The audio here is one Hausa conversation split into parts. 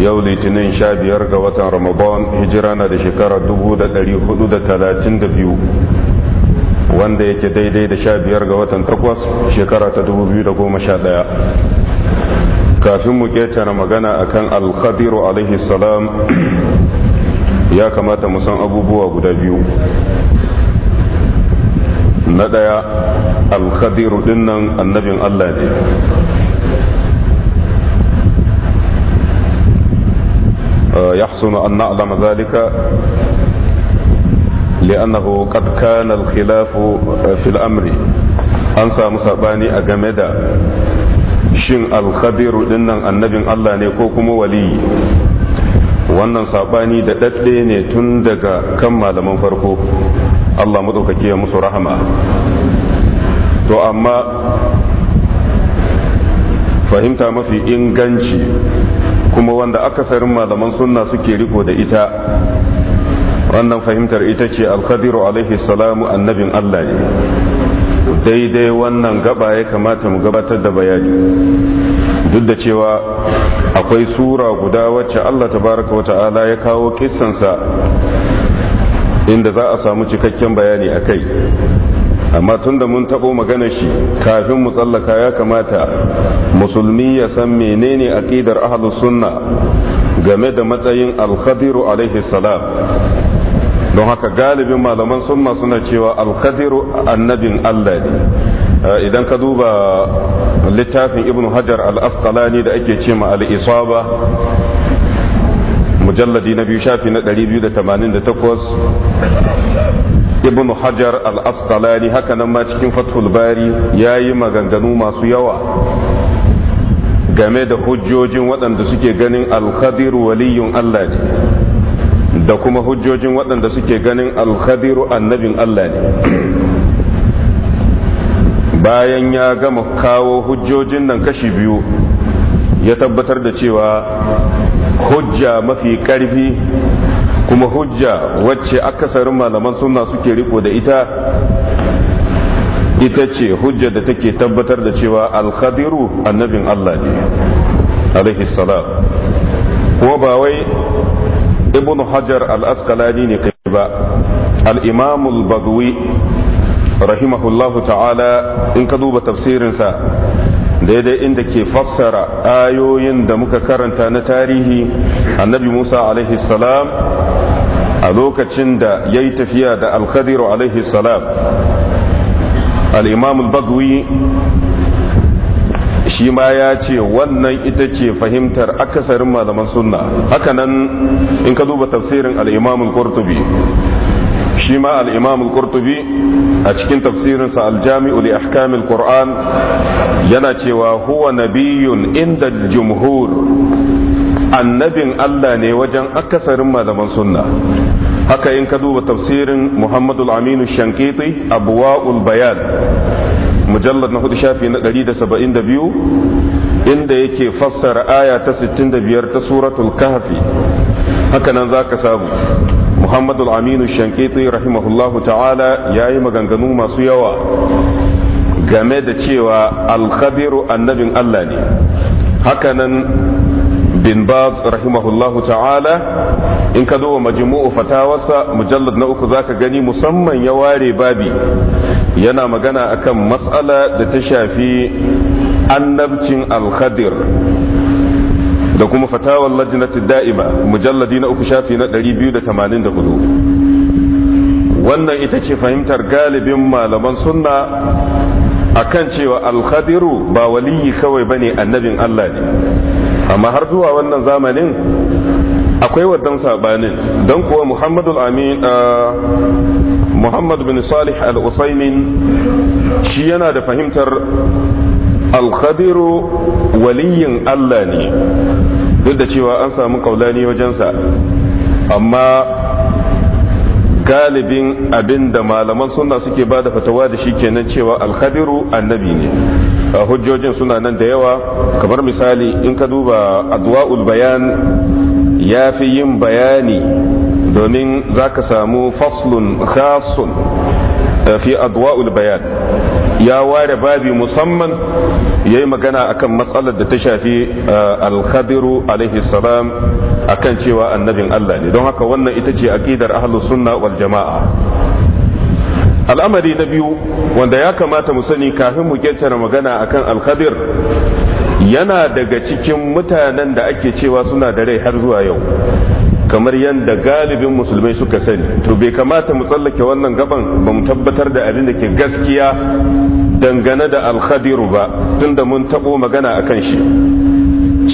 yau litinin sha biyar ga watan ramadan hijira na da shekara dubu da dari hudu da talatin da biyu wanda yake daidai da sha biyar ga watan takwas shekara ta dubu biyu da goma sha daya kafin mu na magana akan alkhadiru alaihi salam ya kamata mu san abubuwa guda biyu na daya alkhadiru dinnan annabin allah ne يحسن أن نعلم ذلك لأنه قد كان الخلاف في الأمر أنسى مصاباني أجمدا shin alkhadiru dinnan annabin Allah ne ko kuma waliyi wannan saɓani da dadde ne tun daga kan malaman farko Allah madaukake ya musu rahma. to amma fahimta mafi inganci kuma wanda akasarin malaman sunna suke riko da ita wannan fahimtar ita ce alkadiru alaihi salamu annabin Allah ne daidai wannan gaba ya kamata mu gabatar da bayani duk da cewa akwai sura guda wacce Allah tabaraka wa ta'ala ya kawo kissansa inda za a samu cikakken bayani a kai amma tun da mun taɓo magana shi kafin mu tsallaka ya kamata musulmi ya san menene aƙidar ahlus sunna game da matsayin alkhadiru alaihi salam don haka galibin malaman sunna suna cewa alkhadiru annabin allah ne ah, idan ka duba littafin ibnu hajar al-asqalani da ake ce ma al-isaba mujalladi na biyu shafi na 288 ibn hajar al-asqalani haka nan ma cikin fathul bari ya yi maganganu masu yawa game da hujjojin waɗanda suke ganin alkhadiru waliyun allah ne da kuma hujjojin waɗanda suke ganin alkhadiru annabin allah ne bayan ya gama kawo hujjojin nan kashi biyu ya tabbatar da cewa hujja mafi ƙarfi kuma hujja wacce akasarin malaman sunna suke riko da ita ita ce hujja da take tabbatar da cewa alkhadiru annabin Allah ne alaihi salam kuma ba wai ibn hajar al-asqalani ne kai ba al-imam al-bagwi rahimahullahu ta'ala in ka duba tafsirinsa daidai inda ke fassara ayoyin da muka karanta na tarihi annabi musa alaihi salam a lokacin da ya yi tafiya da alkhadiru alaihi salam al'imamul bagwi shi ma ya ce wannan ita ce fahimtar akasarin malaman sunna hakanan in ka duba tafsirin al'imamul kurtubi shi ma al al-qurtubi a cikin tafsirinsa al-jami'u li ahkam al-qur'an yana cewa huwa nabiyyun inda jumhur annabin Allah ne wajen akasarin malaman sunna haka in ka duba tafsirin muhammadu aminu shankiti abuwa'ul bayan mujallar na hudu shafi na 172 inda yake fassara aya ta 65 ta suratul kahfi haka nan zaka samu muhammadu aminu shankiti rahimahullahu ta'ala ya yi maganganu masu yawa game da cewa alkhabiru annabin allah ne haka nan bin baz rahimahullahu ta'ala in ka zo wa majmu'u fatawarsa mujallad na uku zaka gani musamman ya ware babi yana magana akan matsala da ta shafi annabcin al-khadir da kuma fatawar lajinati da'ima mujalladi na uku shafi na 284 wannan ita ce fahimtar galibin malaman sunna akan cewa alkhadiru ba waliyi kawai bane annabin Allah ne amma har zuwa wannan zamanin akwai wadan sabanin don kuwa Muhammadu amin ah, muhammad bin salih al-usaimin shi yana da fahimtar alkhadiru waliyin Allah ne duk da cewa an samu kaulani wajensa amma galibin abin da malaman sunna suke ba da fatawa da shi kenan cewa alkhadiru annabi ne a hujjojin suna nan da yawa kamar misali in ka duba adwa'ul bayan ya fi yin bayani domin za ka samu faslun khasun eh, fi adwa'ul bayan ya ware babi musamman ya yi magana akan matsalar da ta shafi uh, alkhadiru alaihi salam akan cewa annabin Allah ne don haka wannan ita ce aƙidar ahlus sunna wal jama'a al'amari na biyu wanda ya kamata mu sani kafin mu kyautara magana akan alkhadir yana daga cikin mutanen da ake cewa suna da rai har zuwa yau kamar yadda galibin musulmai suka sani to bai kamata mu tsallake wannan gaban ba mu tabbatar da abin da ke gaskiya dangane da alkhadiru ba tunda mun tabo magana akan shi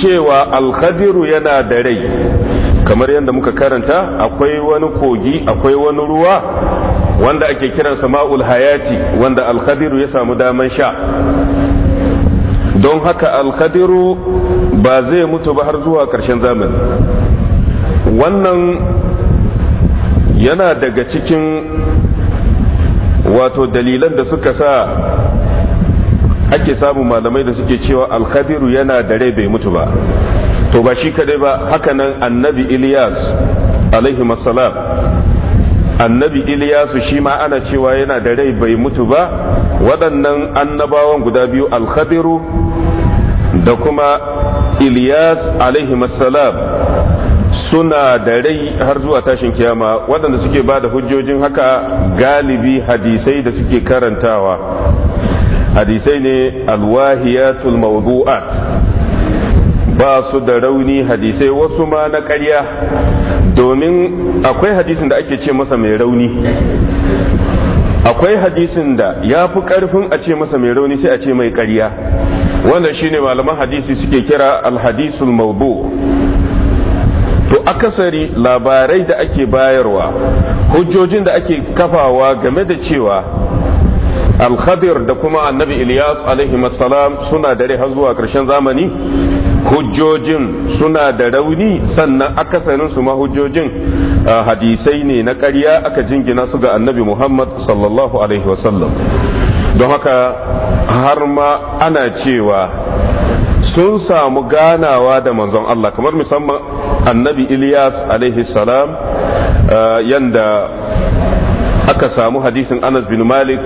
cewa alkhadiru yana da rai kamar yadda muka karanta akwai wani kogi akwai wani ruwa wanda ake kiransa ma'ul hayati wanda alkhadiru ya samu daman sha don haka alkhadiru ba zai mutu ba har zuwa ƙarshen zamani wannan yana daga cikin wato dalilan da suka sa ake samun malamai da suke cewa alkhabiru yana da rai bai mutu ba to ba shi kadai ba hakanan annabi ilyas alaihi masalam annabi ilyasu shi ma ana cewa yana da rai bai mutu ba waɗannan annabawan guda biyu alkhabiru da kuma ilyas alaihi masalam suna da rai har zuwa tashin kiyama waɗanda suke ba da hujjojin haka galibi hadisai da suke karantawa hadisai ne alwahiyatul mawdu'at ba su da rauni hadisai wasu ma na ƙarya domin akwai hadisin da ake ce masa mai rauni akwai hadisin da ya fi ƙarfin a ce masa mai rauni sai a ce mai ƙarya wannan shine malaman hadisi suke kira alhadisul mawdu' to akasari labarai da ake bayarwa hujjojin da ake kafawa game da cewa alkhadir da kuma annabi ilyas alaihi salam suna dare har zuwa ƙarshen zamani hujjojin suna da rauni sannan akasarin su mahujjojin hadisai ne na ƙarya aka jingina su ga annabi muhammad sallallahu alaihi wasallam don haka har ma ana cewa sun samu ganawa da manzon Allah kamar musamman annabi Ilyas alaihi salam uh, yanda aka samu hadisin Anas bin Malik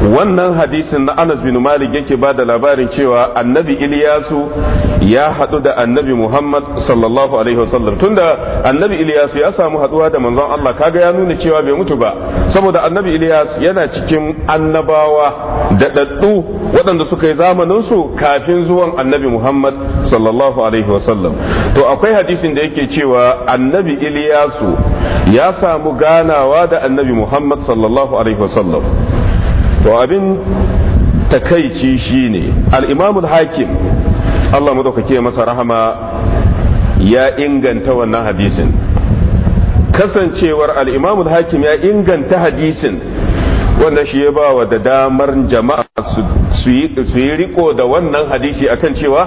wannan hadisin na anas bin malik yake ba da labarin cewa annabi iliyasu ya haɗu da annabi muhammad sallallahu alaihi wasallam tunda annabi iliyasu ya samu haɗuwa da manzon allah kaga ya nuna cewa bai mutu ba saboda annabi iliyas yana cikin annabawa da daddu waɗanda suka yi zamaninsu kafin zuwan annabi muhammad sallallahu alaihi wasallam to akwai hadisin da yake cewa annabi iliyasu ya samu ganawa da annabi muhammad sallallahu alaihi wasallam to abin takaici shine al-imamul hakim Allah madaukake masa rahama ya inganta wannan hadisin kasancewar al hakim ya inganta hadisin wanda shi ya ba wa da damar jama'a su yi riko da wannan hadisi akan cewa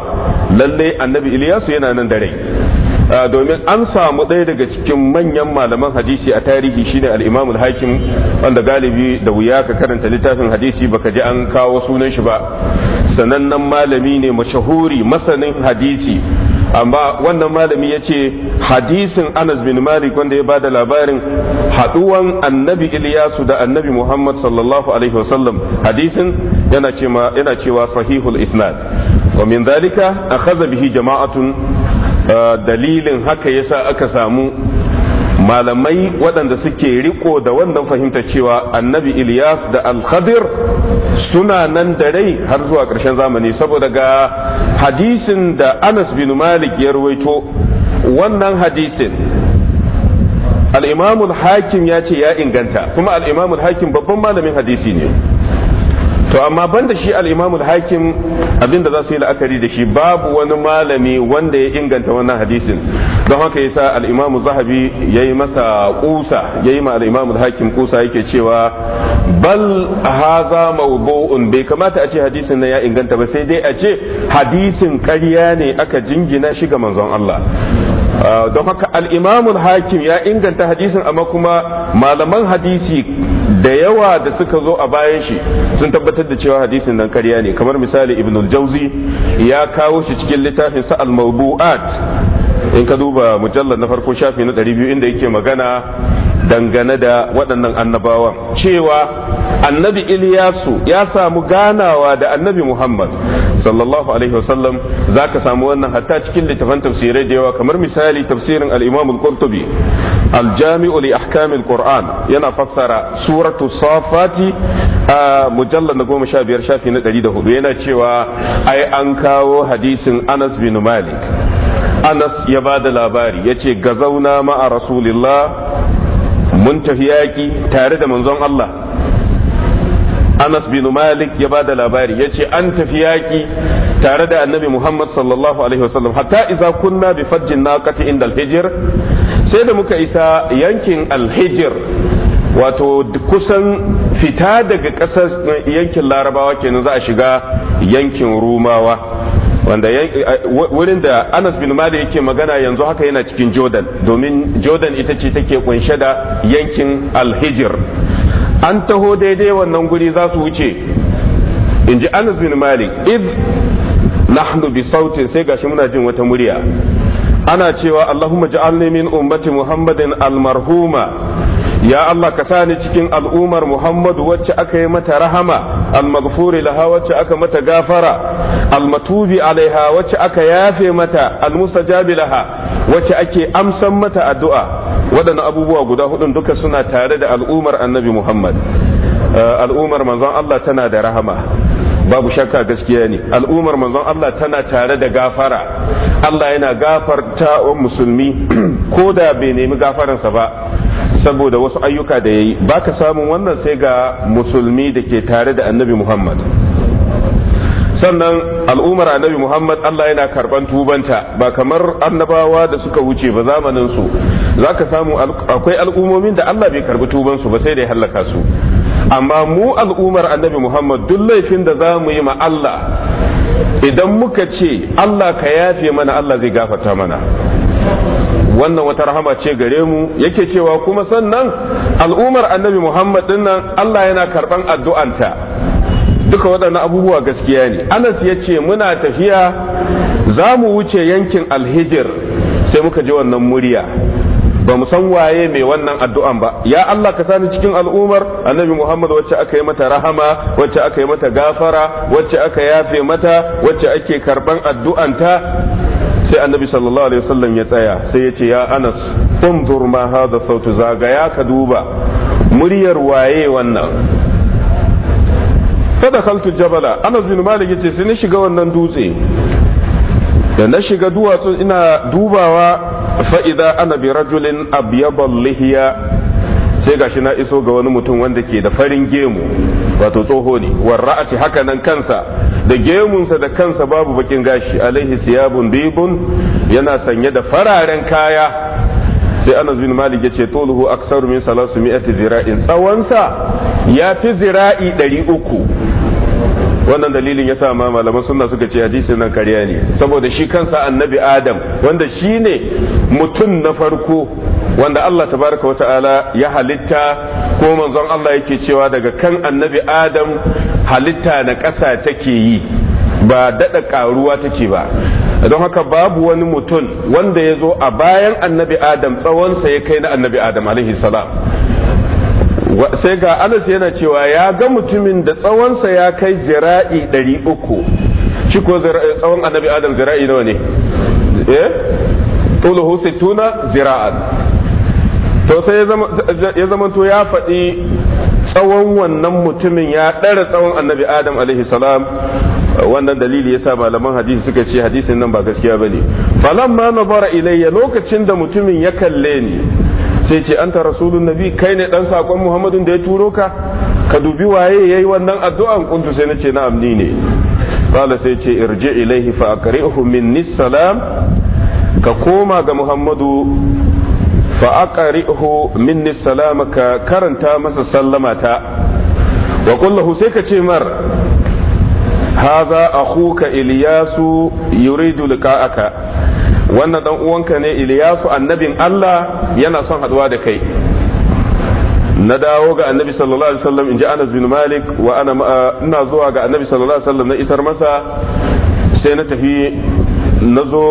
lallai annabi Iliyasu yana nan da rai Ah, domin an samu ɗaya daga cikin manyan malaman hadisi a tarihi shine al-Imam hakim wanda galibi da wuya ka karanta littafin hadisi baka ji an kawo sunan shi ba sanannen malami ne mashahuri masanin hadisi amma wannan malami ya ce hadisin anas bin malik wanda ya ba da labarin haduwan annabi ilyasu da annabi muhammad sallallahu alaihi wasallam hadisin yana cewa sahihul isnad wa min dhalika akhadha bihi jama'atun Eh, dalilin haka yasa aka samu malamai waɗanda suke riko da wannan fahimta cewa annabi ilyas da alkhadir suna nan da rai har zuwa ƙarshen zamani saboda ga hadisin da anas bin malik ya ruwaito wannan hadisin al imamul hakim ya ce ya inganta kuma al'imamul hakim babban malamin hadisi ne to amma banda shi al-imamu hakim abinda za su yi la'akari da shi babu wani malami wanda ya inganta wannan hadisin don haka yasa al-imamu zahabi yayi masa kusa yayi ma al-imamu hakim kusa yake cewa bal hadha mawdu'un bai kamata a ce hadisin nan ya inganta ba sai dai a ce hadisin ƙarya ne aka jingina shi ga manzon Allah Ah, don haka al'imamun hakim ya inganta hadisin amma kuma malaman hadisi da yawa da suka zo a bayan shi sun tabbatar da cewa hadisin nan karya ne kamar misali ibn jauzi ya kawo shi cikin littafin sa'al mawbu'at in ka duba mujallar na farko shafi na 200 inda yake magana dangane da waɗannan annabawan cewa annabi Iliyasu ya samu ganawa da annabi Muhammad sallallahu alaihi wasallam za ka samu wannan hatta cikin littafan tafsirai da yawa kamar misali tafsirin al-Imam al-Qurtubi al li ahkam al-Qur'an yana fassara suratu Safati a mujallar na goma sha biyar shafi na ɗari da hudu yana cewa ai an kawo hadisin Anas bin Malik Anas ya ba da labari ya ce ga zauna ma'a Rasulillah mun tafi yaƙi tare da manzon Allah Anas bin Malik ya bada labari ya ce an tafi yaƙi tare da annabi Muhammad sallallahu alaihi wasallam hatta iza kunna bi fajjin naqati inda alhijr sai da muka isa yankin alhijr wato kusan fita daga ƙasar yankin larabawa kenan za a shiga yankin rumawa wanda eh, eh, wurin da Anas bin Malik yake magana yanzu haka yana cikin Jordan domin Jordan ita ce take kunshe da yankin alhijir. an taho daidai wannan guri za su wuce in ji Anas bin Malik id nahnu bi sauti sai gashi muna jin wata murya ana cewa Allahumma ja'alni min ummati Muhammadin almarhuma. ya Allah ka sani cikin al'ummar Muhammadu wacce aka yi mata rahama al-maghfuri laha wacce aka mata gafara al-matubi alaiha wacce aka yafe mata al-mustajabi laha wacce ake amsa mata addu'a waɗannan abubuwa guda hudun duka suna tare da al'ummar annabi Muhammad uh, al'ummar manzon Allah tana da rahama babu shakka gaskiya ne al'ummar manzon Allah tana tare da gafara Allah yana gafarta wa musulmi ko da bai nemi gafaransa ba saboda wasu ayyuka da yayi baka samu wannan sai ga musulmi da ke tare da annabi Muhammad sannan al'ummar annabi Muhammad Allah yana karban tubanta ba kamar annabawa da suka wuce ba zamanin su zaka samu akwai al'ummomin da Allah bai karbi tubansu ba sai da ya halaka su amma mu al'ummar annabi Muhammad duk laifin da za mu yi ma Allah idan muka ce Allah ka yafe mana Allah zai gafarta mana wannan wata rahama ce gare mu yake cewa kuma sannan al'ummar annabi Muhammad dinnan Allah yana karban addu'anta duka waɗannan abubuwa gaskiya ne Anas ya ce muna tafiya za mu wuce yankin alhijir sai muka ji wannan murya ba mu san waye mai wannan addu'an ba ya Allah ka sani cikin al'umar annabi Muhammad wacce aka yi mata rahama wacce aka yi mata gafara wacce aka yafe mata wacce ake karban addu'anta sai annabi sallallahu alaihi wasallam ya tsaya sai ya ce ya Anas unzur ma hadha sautu zagaya ka duba muryar waye wannan kada kaltu jabala anas bin malik yace sai na shiga wannan dutse da na shiga duwatsun ina dubawa fa'iza ana bi rajulin abyadal lihiya sai gashi na iso ga wani mutum wanda ke da farin gemu wato tsoho ne warra'asi haka nan kansa da gemunsa da kansa babu bakin gashi alaihi siyabun bibun yana sanye da fararen kaya sai ana bin malik yace tuluhu aksaru min salasu mi'ati zira'in tsawonsa ya fi zira'i 300 wannan dalilin ya sa ma malaman suna suka ce hadisin nan karya ne saboda shi kansa annabi adam wanda shi ne mutum na farko wanda Allah tabaraka wa ta'ala ya halitta ko manzon Allah yake cewa daga kan annabi adam halitta na ƙasa take yi ba daɗa ƙaruwa take ba don haka babu wani mutum wanda ya zo a bayan annabi adam tsawonsa ya kai na annabi adam alaihi salam sai ga anas yana cewa ya ga mutumin da tsawonsa ya kai zira'i ɗari uku shi ko eh, tsawon annabi adam zira'i nawa ne eh tuluhu sittuna zira'an to sai ya zama to ya faɗi tsawon wannan mutumin ya ɗara tsawon annabi adam alaihi salam wannan dalili sa malaman hadisi suka ce hadisin nan ba gaskiya ba bane falamma bara ilayya lokacin da mutumin ya kalle ni sai ce anta rasulun nabi kai ne dan sakon muhammadun da ya turo ka ka dubi waye yayi wannan addu'an kuntu sai nace na'am ni ne qala sai ce irji ilaihi fa aqri'hu minni salam ka koma ga muhammadu fa aqri'hu minni salam ka karanta masa sallama ta wa kullahu sai ka ce mar haza akhuka ilyasu yuridu liqa'aka wannan dan uwanka ne Iliyasu annabin Allah yana son haduwa da kai na dawo ga annabi sallallahu alaihi wasallam inji Anas bin Malik wa ana ina zuwa ga annabi sallallahu alaihi wasallam na isar masa sai na tafi na zo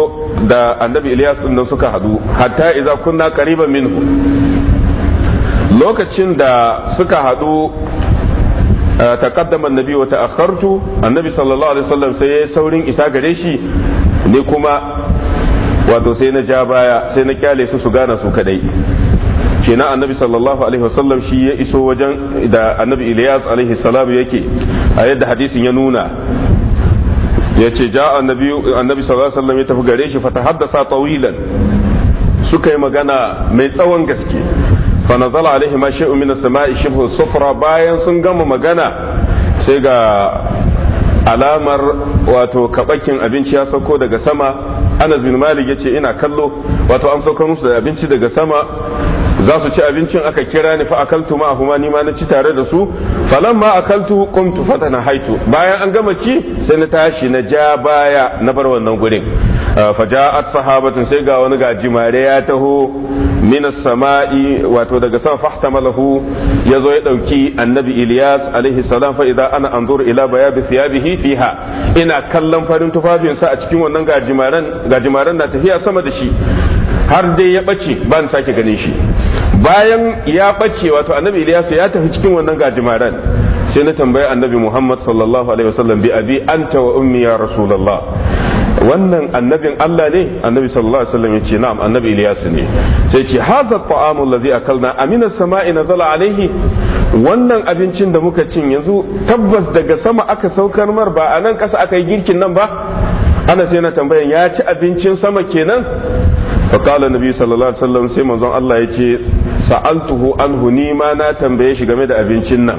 da annabi Ilyas nan suka hadu hatta idza kunna qariban minhu lokacin da suka hadu eh, taqaddama annabi wa ta'akhkhartu annabi sallallahu alaihi wasallam sai saurin isa gare shi ne kuma wato sai na ja baya sai na kyale su su gana su kadai kenan annabi sallallahu alaihi wasallam shi ya iso wajen da annabi Ilyas alaihi salam yake a yadda hadisin ya nuna ya ce ja annabi annabi sallallahu alaihi wasallam ya tafi gare shi fata haddasa tawilan suka yi magana mai tsawon gaske fa nazala alaihi ma shay'un min as-sama'i shibhu sufra bayan sun gama magana sai ga alamar wato kabakin abinci ya sauko daga sama anas bin malik yace ina kallo wato an sauko musu da abinci daga sama za su ci abincin aka kira ni fa akaltu ma huma ni ma na ci tare da su falamma akaltu qumtu fatana haitu bayan an gama ci sai na tashi na ja baya na bar wannan gurin ah, ja'at sahabatun sai ga wani gajimare ya taho min samai wato daga sama fahtamalahu yazo ya dauki annabi Ilyas alaihi salam fa idza ana anzuru ila bayabi thiyabihi fiha ina kallon farin tufafinsa a cikin wannan gajimaran gajimaren na tafiya sama da shi har dai ya ɓace ba sake ganin shi bayan ya bace wato annabi Ilyasu ya tafi cikin wannan gajimaran sai na tambayi annabi Muhammad sallallahu alaihi wasallam bi abi anta wa ummi ya rasulullah wannan annabin Allah ne annabi sallallahu alaihi wasallam yace na'am annabi Ilyas ne sai ce hadha ta'amul ladzi akalna amina sama'i nazala alaihi wannan abincin da muka cin yanzu tabbas daga sama aka saukar mar ba a nan kasa aka yi girkin nan ba ana sai na tambayan ya ci abincin sama kenan فقال biyu sallallahu الله alaihi wasallam sai manzon Allah ya ce sa'altuhu anhu ni ma na tambaye shi game da abincin nan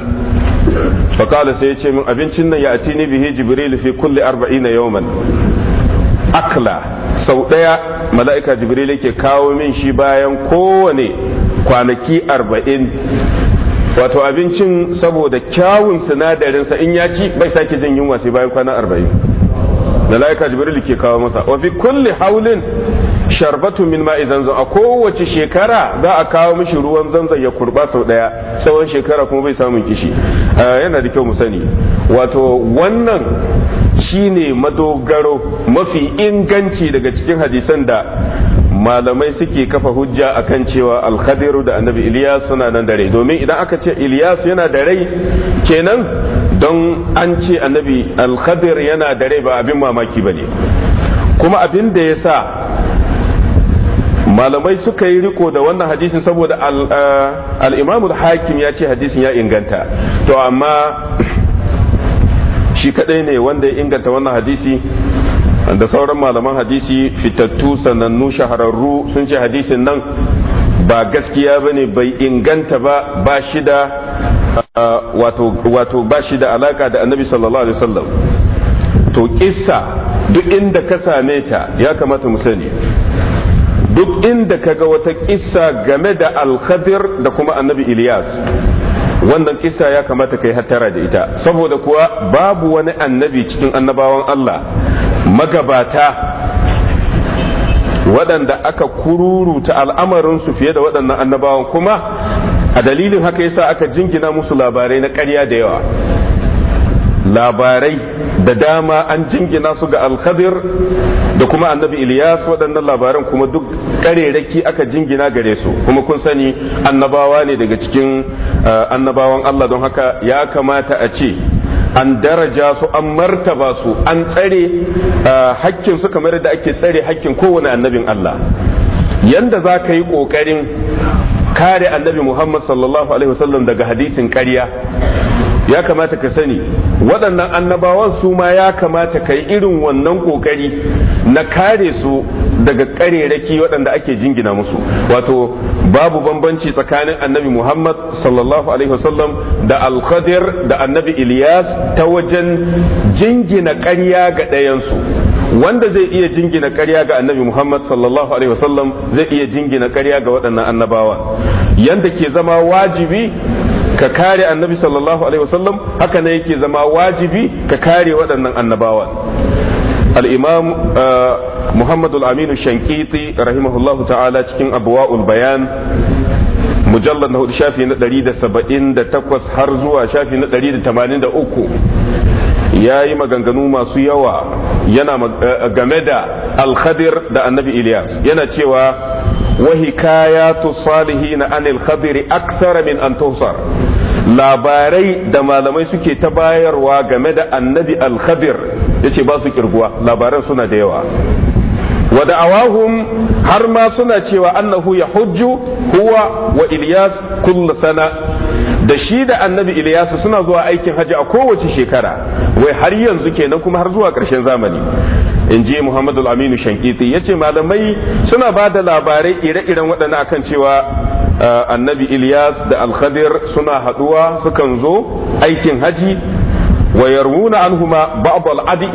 faqala sai ya ce min abincin nan ya ni bihi jibril fi kulli 40 yawman akla sau ɗaya mala'ika jibril yake kawo min shi bayan kowane kwanaki arba'in. wato abincin saboda kyawun sinadarinsa in ya ci bai sake jin yunwa sai bayan kwana 40 mala'ika jibril ke kawo masa wa fi kulli haulin sharbatu min ma'i zanzan a kowace shekara za a kawo mishi ruwan zanzan ya kurba sau daya tsawon shekara kuma bai samun kishi yana da kyau mu sani wato wannan shine madogaro mafi inganci daga cikin hadisan da malamai suke kafa hujja a kan cewa alkhadiru da annabi ilyas suna nan da rai domin idan aka ce ilyas yana da rai kenan don an ce annabi alkhadir yana da rai ba abin mamaki ba ne kuma abin da ya sa malamai suka yi riko da wannan hadisin saboda uh, al-imamu hakim ya ce hadisin ya inganta to amma shi kadai ne wanda ya inganta wannan hadisi da sauran malaman hadisi fitattu sanannu shahararru sun ce hadisin nan ba gaskiya ba ne bai inganta ba ba shi da uh, wato ba shi da alaka da annabi sallallahu alaihi wasallam to kissa duk inda ka same ta ya kamata mu sani duk inda kaga wata kissa game da alkhadir da kuma annabi ilyas wannan kissa ya kamata kai hattara da ita saboda kuwa babu wani annabi cikin annabawan Allah magabata waɗanda aka kururuta al'amarinsu fiye da waɗannan annabawan kuma a dalilin haka yasa aka jingina musu labarai na ƙarya da yawa labarai da dama an jingina su ga alkhadir da kuma annabi ilyas waɗannan labaran kuma duk ƙarerake aka jingina gare su kuma kun sani annabawa ne daga cikin eh, annabawan allah don haka ya kamata a ce an daraja su an martaba su an tsare eh, hakkin su kamar da ake tsare hakkin kowane annabin allah yanda za ka yi ƙoƙarin kare annabi muhammad sallallahu alaihi wasallam daga hadisin ƙarya ya kamata ka sani waɗannan annabawan su ma ya kamata ka yi irin wannan ƙoƙari na kare su daga ƙarerraki waɗanda ake jingina musu wato babu bambanci tsakanin annabi muhammad sallallahu alaihi wasallam da alkhadir da annabi ilyas ta wajen jingina ƙarya ga ɗayansu wanda zai iya jingina ƙarya ga annabi Muhammad sallallahu alaihi wasallam zai iya jingina ƙarya ga waɗannan annabawa yanda ke zama wajibi ka kare annabi sallallahu alaihi wasallam haka ne yake zama wajibi ka kare waɗannan annabawa al-imam uh, muhammad al-amin shankiti rahimahullahu ta'ala cikin abwa'ul bayan mujallar na hudu shafi na 178 har zuwa shafi na 183 ya yi maganganu masu yawa yana uh, game da al-khadir da annabi ilyas yana cewa wa hikayatu salihin anil khadir aksara min an tuhsar labarai da malamai suke ta bayarwa game da annabi al-khadir yace ba su kirguwa labaran suna da yawa wa da'awahum har ma suna cewa annahu ya hujju huwa wa Ilyas kullu sana da shi da annabi Ilyas suna zuwa aikin haji a kowace shekara wai har yanzu kenan kuma har zuwa ƙarshen zamani in ji Muhammad aminu Shankiti ya ce malamai suna ba da labarai ire-iren waɗannan akan cewa eh, annabi Ilyas da al suna haɗuwa sukan zo aikin haji wa yarwuna anhuma ba'd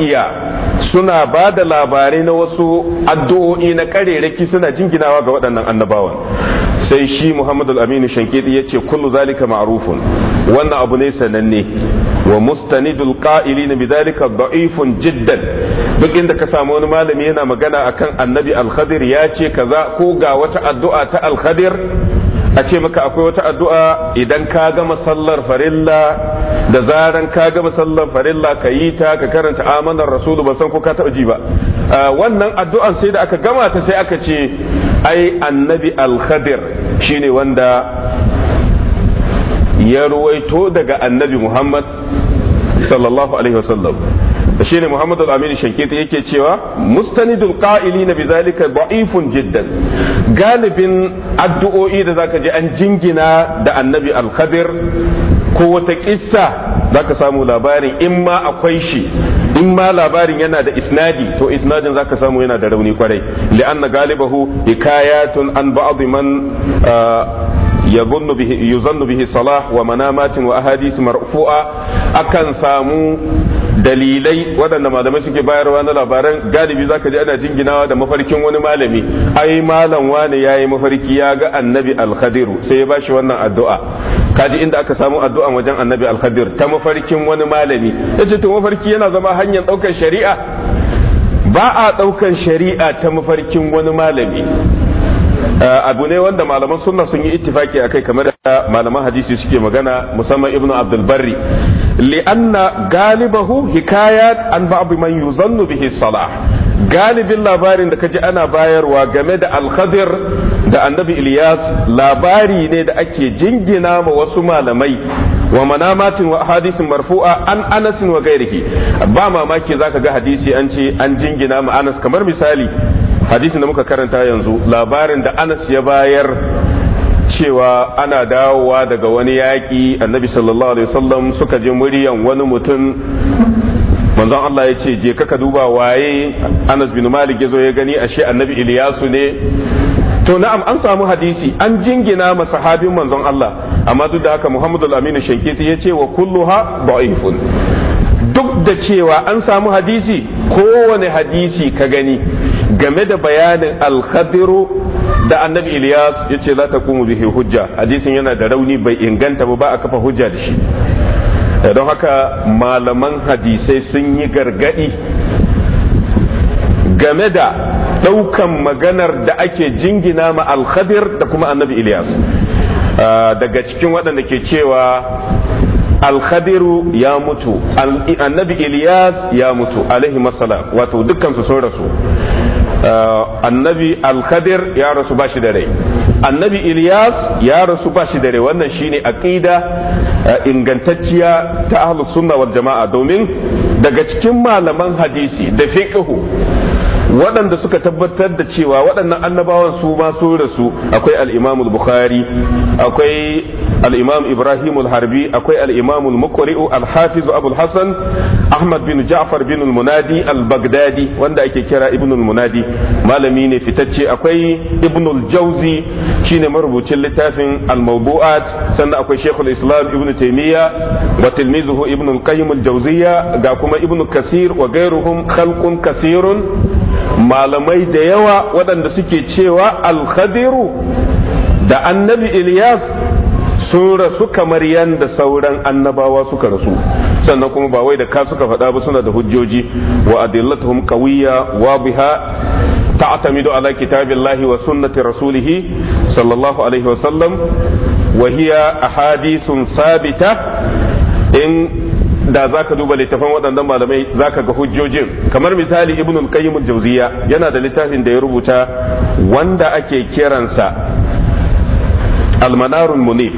suna ba da labarai na wasu addu'o'i na kareraki suna jinginawa ga waɗannan annabawan sai shi Muhammad al-Amin ya ce kullu zalika ma'rufun wannan abu ne sananne wa mustanidul qa'ilina bidhalika da'ifun jiddan duk inda ka samu wani malami yana magana akan annabi al ya ce kaza ko ga wata addu'a ta al a ce maka akwai wata addu'a idan ka gama sallar farilla da zaran ka gama sallar farilla ka yi ta ka karanta amanar rasulu ba san ko ka taɓa ji ba wannan addu'an sai da aka gama ta sai aka ce ai annabi al-khadir shine wanda ya ruwaito daga annabi muhammad sallallahu alaihi wasallam da shi ne muhammadu al-amini yake cewa mustanidul qa'ili na bizalika da'ifun jiddan galibin addu'o'i da zaka ji an jingina da annabi al-khadir ko wata kissa zaka samu labarin in ma akwai shi in ma labarin yana da isnadi to isnadin zaka samu yana da rauni kwarai li'anna galibahu hikayatun an ba'd man ah, yuzannu bihi bihi salah wa manamatin wa ahadith marfu'a akan samu dalilai waɗanda malamai suke bayarwa na labaran galibi zaka ji ana jinginawa da mafarkin wani malami ai malam wani yayi mafarki ya ga annabi al-khadiru sai ya bashi wannan addu'a kaji inda aka samu addu'a wajen annabi al-khadir ta mafarkin wani malami yace to mafarki yana zama hanyar daukar shari'a ba a daukan shari'a ta mafarkin wani malami Eh, abu ne wanda malaman sunna sun yi ittifaki akai kamar da malaman hadisi suke magana musamman ibnu abdul barri li'anna galibahu hikayat an ba'd man yuzannu bihi salah galibin labarin da kaji ana bayarwa game da al-khadir da annabi ilyas labari ne da ake jingina ma wasu malamai wa manamatin wa hadisin marfu'a an anasin wa ghairihi ba mamaki zaka ga hadisi an ce an jingina ma anas kamar misali hadisin da muka karanta yanzu labarin da anas ya bayar cewa ana dawowa daga wani yaƙi annabi sallallahu alaihi wasallam suka ji muryan wani mutum manzon Allah ya ce je kaka duba waye anas bin malik ya zo ya gani ashe annabi iliyasu ne to na'am an samu hadisi an jingina ma sahabin manzon Allah amma duk da haka Muhammadu al-Amin Shankiti ya ce wa kulluha da'ifun duk da cewa an samu hadisi kowane hadisi ka gani game da bayanin alkhadiru da annabi Ilyas ya ce za ta kuma bihi hujja hadisin yana da rauni bai inganta ba ba a kafa hujja da shi don haka malaman hadisai sun yi gargadi game da ɗaukan maganar da ake jingina ma alkhadir da kuma annabi Ilyas ah, daga cikin waɗanda ke cewa alkhadiru ya mutu annabi Ilyas ya mutu alaihi masala wato dukkan su sun rasu annabi al ya rasu ba shi da rai annabi ilyas ya rasu ba shi da rai wannan shine aqida ingantacciya ta ahlus sunna wal jama'a domin daga cikin malaman hadisi da fiqhu waɗanda suka tabbatar da cewa waɗannan annabawan su ma su rasu akwai al-Imam al-Bukhari akwai al-Imam Ibrahim al-Harbi akwai al-Imam al-Muqri'u al-Hafiz Abu hasan ahmad bin ja'far bin munadi al-baghdadi wanda ake kira ibn munadi malami ne fitacce akwai ibn al-jawzi shine marubucin littafin al-mawbu'at sannan akwai shaykhul islam ibn taymiya wa tilmizuhu ibn al-qayyim al-jawziya ga kuma ibn kasir wa ghayruhum khalqun kasirun malamai da yawa waɗanda suke cewa al-khadiru da annabi Ilyas sun rasu kamar yadda sauran annabawa suka rasu sannan kuma ba wai da ka suka faɗa ba suna da hujjoji wa adillatuhum qawiyya wa biha ta'tamidu ala kitabillahi wa sunnati rasulih sallallahu alaihi wa sallam wa hiya ahadithun sabita in da za ka duba littafan waɗannan malamai za ka ga hujjojin kamar misali ibn al-qayyim yana da littafin da ya rubuta wanda ake kiransa almanarul munif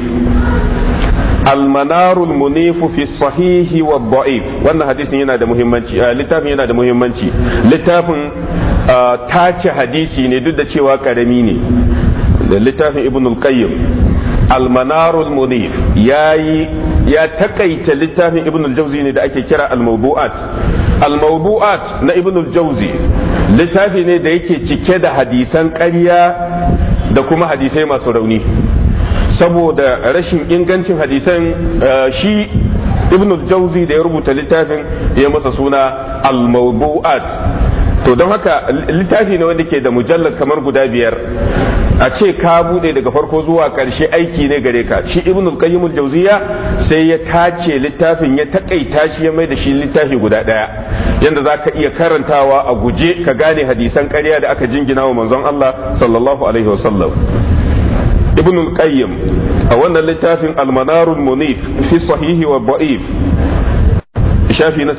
almanarul munifu wa da'if wannan hadisin yana da muhimmanci eh, littafin yana da eh, tace hadisi ne duk da cewa karami ne littafin ibn al-qayyim almanarul munif ya takaita littafin ibn al ne da ake kira al-mawdu'at al-mawdu'at na ibn al littafi ne da yake cike da hadisan ƙarya da kuma hadisai masu rauni saboda rashin ingancin hadisan eh, shi ibn jauzi da ya rubuta littafin ya masa suna al to don haka littafi ne wanda ke da mujallar kamar guda biyar a ce ka bude daga farko zuwa karshe aiki ne gare ka shi ibn al-qayyim al-jawziya sai ya tace littafin ya takaita shi ya mai da shi littafi guda daya yanda zaka iya karantawa a guje ka gane hadisan ƙarya da aka jingina wa manzon Allah sallallahu alaihi wasallam ibn al a wannan littafin al munif fi sahihi wa da'if shafi na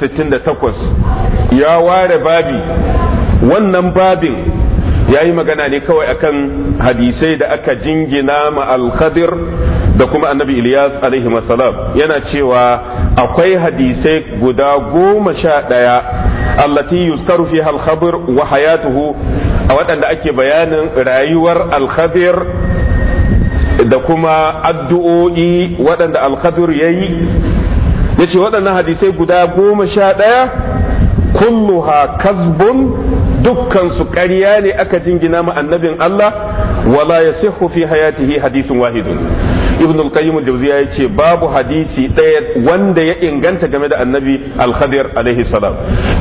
ya ware babi wannan babin ya yi magana ne kawai akan hadisai da aka jingina ma al da kuma annabi Ilyas alaihi yana cewa akwai hadisai guda goma sha ɗaya allati yuzkaru al-khabir wa hayatuhu a waɗanda ake bayanin rayuwar al-khabir da kuma addu'o'i waɗanda alkhadur ya yi ya ce waɗannan hadisai guda goma sha ɗaya kulluha kazbun dukkansu ƙarya ne aka jingina ma annabin Allah wala ya fi hayatihi hadisin wahidun ibn al-qayyim al-jawziya yace babu hadisi daya wanda ya inganta game da annabi al-khadir alaihi salam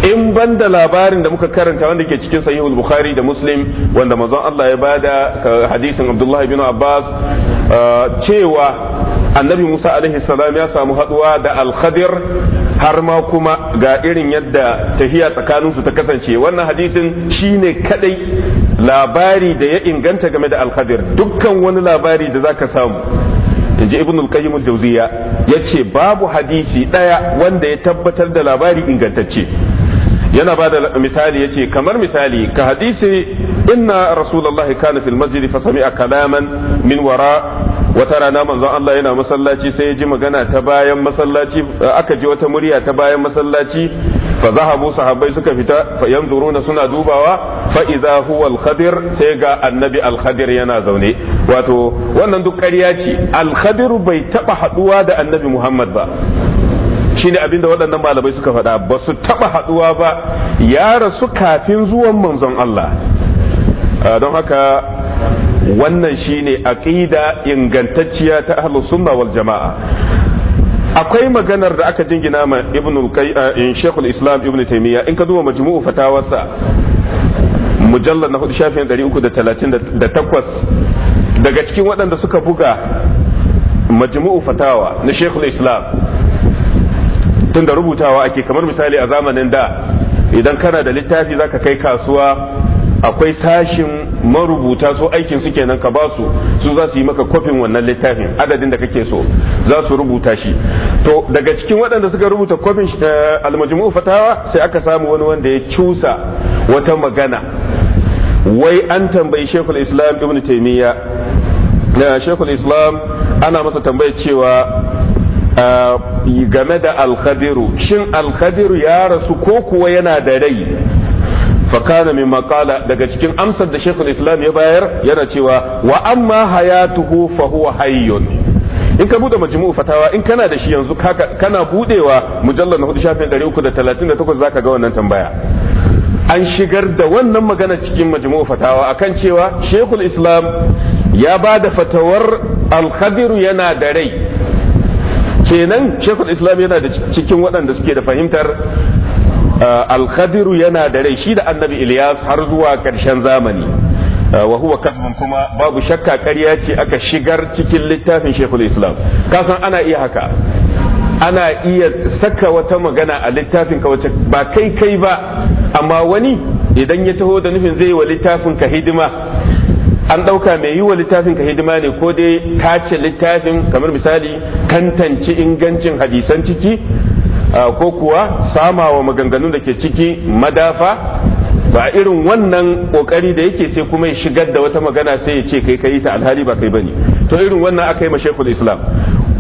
in banda labarin da muka karanta wanda ke cikin sahih al-bukhari da muslim wanda manzon Allah ya bada hadisin abdullahi bin abbas uh, cewa annabi musa alaihi salam ya samu haduwa da al-khadir har ma kuma ga irin yadda tafiya tsakaninsu ta kasance wannan hadisin shine kadai labari da ya inganta game da al-khadir dukkan wani labari da zaka samu inji ibn al-qayyim al-jawziya yace babu hadisi daya wanda ya tabbatar da labari ingantacce yana ba da misali yace kamar misali ka hadisi inna rasulullahi kana fil masjid fa sami'a kalaman min wara wata rana manzon Allah yana masallaci sai ya ji magana ta bayan masallaci aka ji wata murya ta bayan masallaci fa zahabu sahabbai suka fita fa yanzuruna suna dubawa fa idza huwa al-khadir sai ga annabi al-khadir yana zaune wato wannan duk ƙarya ce al-khadir bai taba haduwa da annabi Muhammad ba shine abinda waɗannan malamai suka faɗa ba su taba haduwa ba ya rasu kafin zuwan manzon Allah ah, don haka wannan shine aqida ingantacciya ta ahlus sunna wal jama'a akwai maganar da aka jingina ma ibn eh, eh, shekul islam ibn taimiyya in ka duba majmu'u fatawarsa mujallar na hudu shafin 338 daga cikin waɗanda suka buga majmu'u fatawa na shekul islam tun da rubutawa ake kamar misali a zamanin da idan kana da littafi zaka kai kasuwa akwai sashin marubuta su aikin su kenan ka ba su su za su yi maka kofin wannan littafin adadin da kake so za su rubuta shi to daga cikin waɗanda suka rubuta kofin eh, almajimu fatawa sai aka samu wani wanda ya cusa wata magana wai an tambayi shekul islam ibn taimiyya na eh, shekul islam ana masa tambayar cewa eh, game da alkhadiru shin alkhadiru ya rasu ko kuwa yana da rai fakana مما makala daga cikin amsar da shekul islam ya bayar yana cewa wa amma hayatuhu fa huwa hayyun in ka bude majmu'u fatawa in kana da shi yanzu kana budewa mujallar na hudu shafin 338 zaka ga wannan tambaya an shigar da wannan magana cikin majmu'u fatawa akan cewa shekul islam ya ba da fatawar al-Khadir yana da rai kenan shekul islam yana da cikin waɗanda suke da fahimtar Uh, alkhadiru yana da rai shi da annabi ilyas har zuwa karshen zamani uh, wa huwa kuma babu shakka karya ce aka shigar cikin littafin shekul islam kasan ana iya haka ana iya saka wata magana a littafin ka ba kai kai ba amma wani idan ya taho da nufin zai wa littafin ka hidima an ɗauka mai yi wa littafin ka hidima ne ko dai tace littafin kamar misali kantanci ingancin hadisan ciki Ah, ko kuwa sama wa maganganun da ke ciki madafa ba irin wannan kokari da yake sai kuma ya shigar da wata magana sai ya ce kai kai ta alhali ba kai bane to irin wannan aka yi ma shekul islam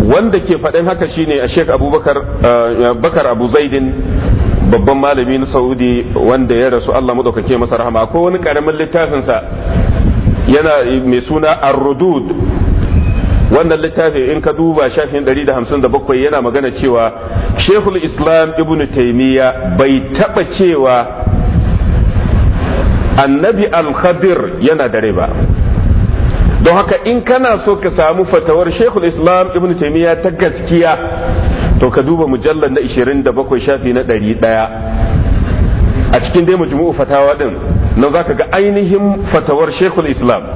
wanda ke faɗin haka shine a shek abubakar ah, bakar abu zaidin babban malami na saudi wanda ya rasu allah madaukake masa rahama ko wani karamin littafinsa yana mai suna ar-rudud wannan littafin in ka duba shafin 157 yana magana cewa shekul islam ibn taimiyya bai taba cewa annabi al-khadir yana dare ba don haka in kana so ka samu fatawar shekul islam ibn taimiyya ta gaskiya to ka duba mujallar na 27 shafi na 100 a cikin dai majmu'u fatawa din nan zaka ga ainihin fatawar shekul islam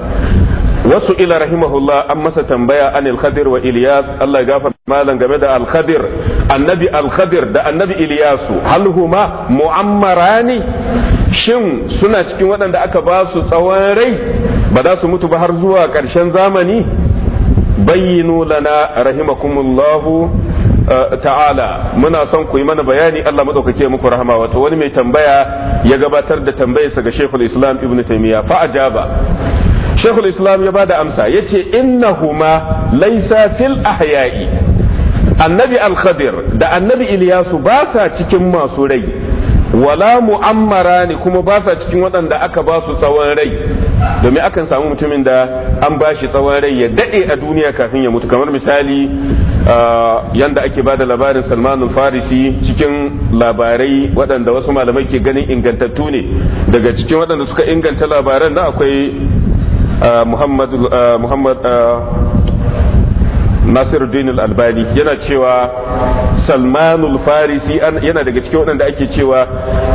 wasu ila rahimahullah an masa tambaya an al-khadir wa ilyas Allah ya gafarta malan game da al-khadir annabi al-khadir da annabi ilyasu hal huma mu'ammarani shin suna cikin waɗanda aka ba su tsawon rai ba za su mutu ba har zuwa karshen zamani bayyinu lana rahimakumullahu eh, ta'ala muna son ku yi mana bayani Allah madaukake muku rahama wato wani mai tambaya ya gabatar da tambayarsa ga Sheikhul Islam Ibn Taymiyyah fa ajaba shekul islam ya bada amsa ya ce huma laisa fil ahya'i annabi al-khadir da annabi ilyasu ba cikin masu rai wala mu'ammara ne kuma ba sa cikin waɗanda aka ba su tsawon rai domin akan samu mutumin da an ba shi tsawon rai ya daɗe a duniya kafin ya mutu kamar misali yanda ake ba da labarin salmanul farisi cikin labarai waɗanda wasu malamai ke ganin ingantattu ne daga cikin waɗanda suka inganta labaran na akwai muhammad muhammad nasiruddin al-albani yana cewa salmanul farisi yana daga cikin waɗanda ake cewa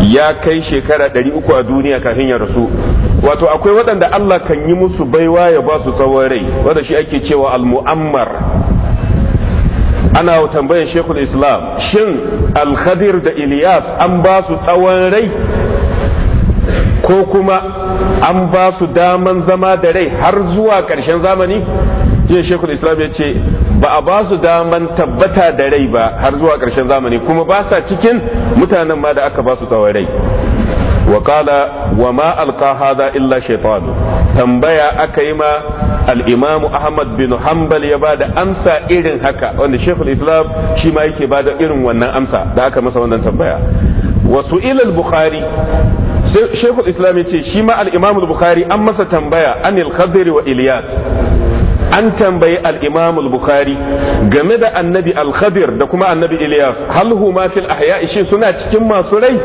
ya kai shekara ɗari uku a duniya kafin ya rasu wato akwai waɗanda Allah kan yi musu baiwa ya ba su tsawon rai wanda shi ake cewa al-mu'ammar ana tambayar shekul islam shin al-khadir da ilyas an ba su tsawon rai ko kuma an ba su daman zama da rai har zuwa ƙarshen zamani Jiya shekul islam ya ce ba a basu daman tabbata da rai ba har zuwa ƙarshen zamani kuma ba sa cikin mutanen ma da aka ba su tsawon rai Wakala kala wa ma alka hada illa shaitan tambaya aka yi ma al'imamu ahmad bin hanbal ya ba da amsa irin haka wanda shekul islam shi ma yake bada irin wannan amsa da aka masa wannan tambaya wasu ilal bukhari shekul islam ya ce shi ma al'imamul bukhari an masa tambaya anil wa ilyas an tambayi al'imamul bukhari game da annabi al-khadir da kuma annabi ilyas hal huma fil ahya shi suna cikin masu rai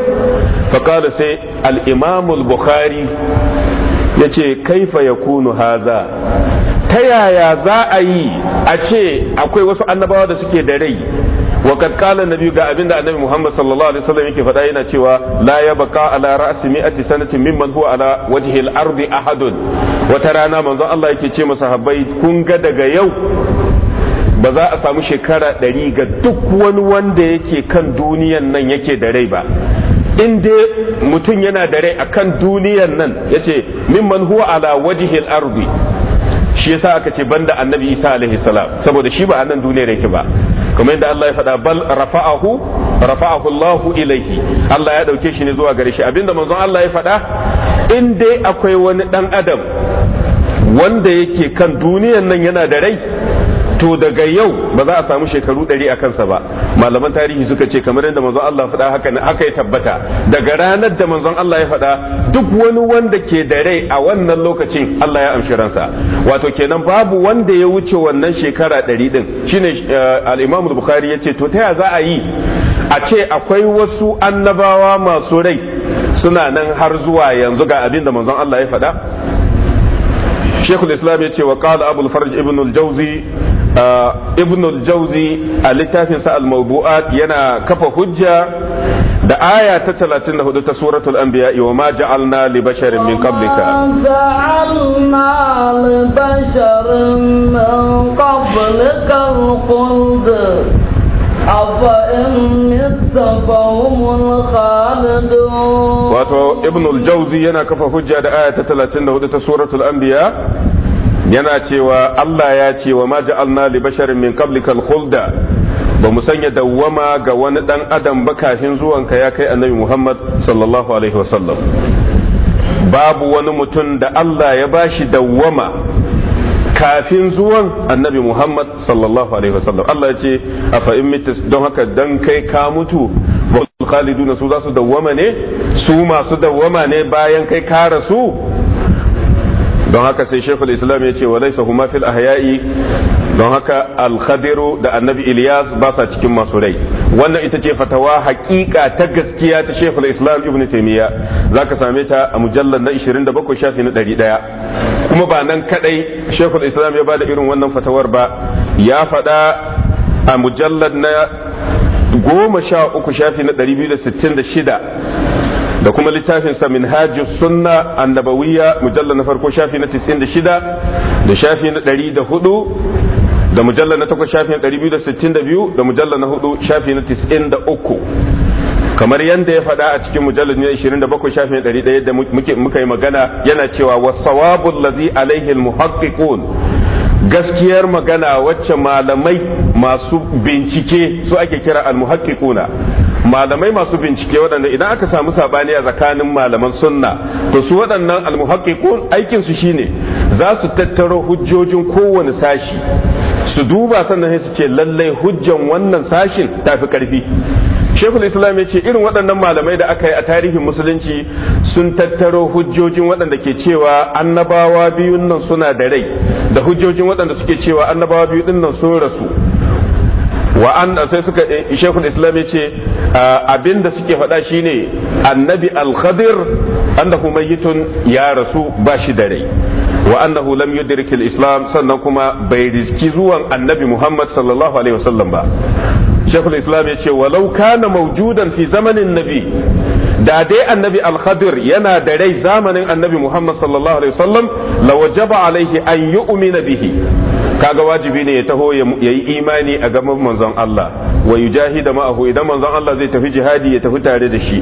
faƙada sai al'imamul bukhari ya ce kaifa ya kunu haza ta yaya za a yi a ce akwai wasu annabawa da suke da rai wa kad qala nabi ga abinda annabi muhammad sallallahu alaihi wasallam yake faɗa yana cewa la baka ala ra'si mi'ati sanatin mimman huwa ala wajhi al-ardi ahadun wata rana manzon Allah yake ce masahabbai kun ga daga yau ba za a samu shekara ɗari ga duk wani wanda yake kan duniyan nan yake da rai ba in dai mutum yana da rai akan duniyan nan yace min mimman huwa ala wajihil ardi shi yasa aka ce banda annabi isa alaihi salam saboda shi ba a nan duniyar yake ba kuma yadda Allah ya faɗa bal rafa'ahu rafa'ahu Allah ilaihi Allah ya dauke shi ne zuwa gare shi abinda manzon Allah ya faɗa in dai akwai wani dan adam wanda yake kan duniyan nan yana da rai to daga yau ba za a samu shekaru ɗari a kansa ba malaman tarihi suka ce kamar yadda manzon Allah faɗa haka aka yi tabbata daga ranar da manzon Allah ya faɗa duk wani wanda ke da rai a wannan lokacin Allah ya amshi ransa wato kenan babu wanda ya wuce wannan shekara ɗari ɗin shine eh, al-Imam Bukhari ya ce to ta ya za a yi a ce akwai wasu annabawa masu rai suna nan har zuwa yanzu ga abinda manzon Allah ya faɗa shekul islam ya ce wa qala abul farj ibn al-jawzi ibn al-jawzi a littafin sa al-mawdu'at yana kafa hujja da aya ta 34 ta suratul anbiya wa ma ja'alna li basharin min qablika ja'alna li basharin min qablika al wato مت yana kafa yana kafa hujja ta كفا ta آية ta suratul الأنبياء yana cewa Allah ya ce wa ma ja'alna li basharin min al khulda ba mu sanya dawwama ga wani dan adam ba kafin zuwanka ya kai annabi Muhammad sallallahu alaihi wasallam babu wani mutum da Allah ya bashi dawwama kafin zuwan annabi Muhammad sallallahu alaihi wasallam Allah ya ce a fa'in mitis don haka dan kai ka mutu khaliduna su za su dawwama ne su masu dawwama ne bayan kai ka rasu don haka sai shekul islam ya ce wa laisa huma fil ahya'i don haka alkhadiru da annabi ilyas ba sa cikin masu rai wannan ita ce fatawa hakika ta gaskiya ta shekul islam ibn taimiyya za ka same ta a mujallar na 27 shafi na 100 kuma ba nan kadai shekul islam ya ba da irin wannan fatawar ba ya fada a mujallar na goma sha shafi na 266 da kuma littafin sa Hajji sunna annabawiyya mujalla na farko shafi na 96 da shafi na 104 da mujalla na 8 shafi na 262 da mujalla na 4 shafi na 93 kamar yadda ya faɗa a cikin mujallar ne 27 shafin 100 da muka yi magana yana cewa wasawabul lazi alaihi muhaqqiqun gaskiyar magana wacce malamai masu bincike su ake kira almuhaqqiquna malamai masu bincike waɗanda idan aka samu sabani a tsakanin malaman sunna to su waɗannan almuhaqqiqun aikin su shine za su tattaro hujjojin kowane sashi su duba sannan sai su ce lallai hujjan wannan sashin tafi karfi shekul islam ya ce irin waɗannan malamai da aka yi a tarihin musulunci sun tattaro hujjojin waɗanda ke cewa annabawa biyun nan suna da rai da hujjojin waɗanda suke cewa annabawa biyun nan sun rasu wa an sai suka eh, shekul islam ce ah, abinda suke faɗa shine annabi al-khadir annahu mayyitun ya rasu ba shi da rai wa annahu lam yudrikil islam sannan kuma bai riski zuwan annabi muhammad sallallahu alaihi wasallam ba shekul islam ya ce walau kana fi zamanin nabi da dai annabi al-khadir yana da rai zamanin annabi muhammad sallallahu alaihi wasallam la wajaba alaihi an yu'mina bihi kaga wajibi ne ya taho ya yi imani a gaban manzon Allah wa yujahida ma'ahu idan manzon Allah zai tafi jihadi ya tafi tare da shi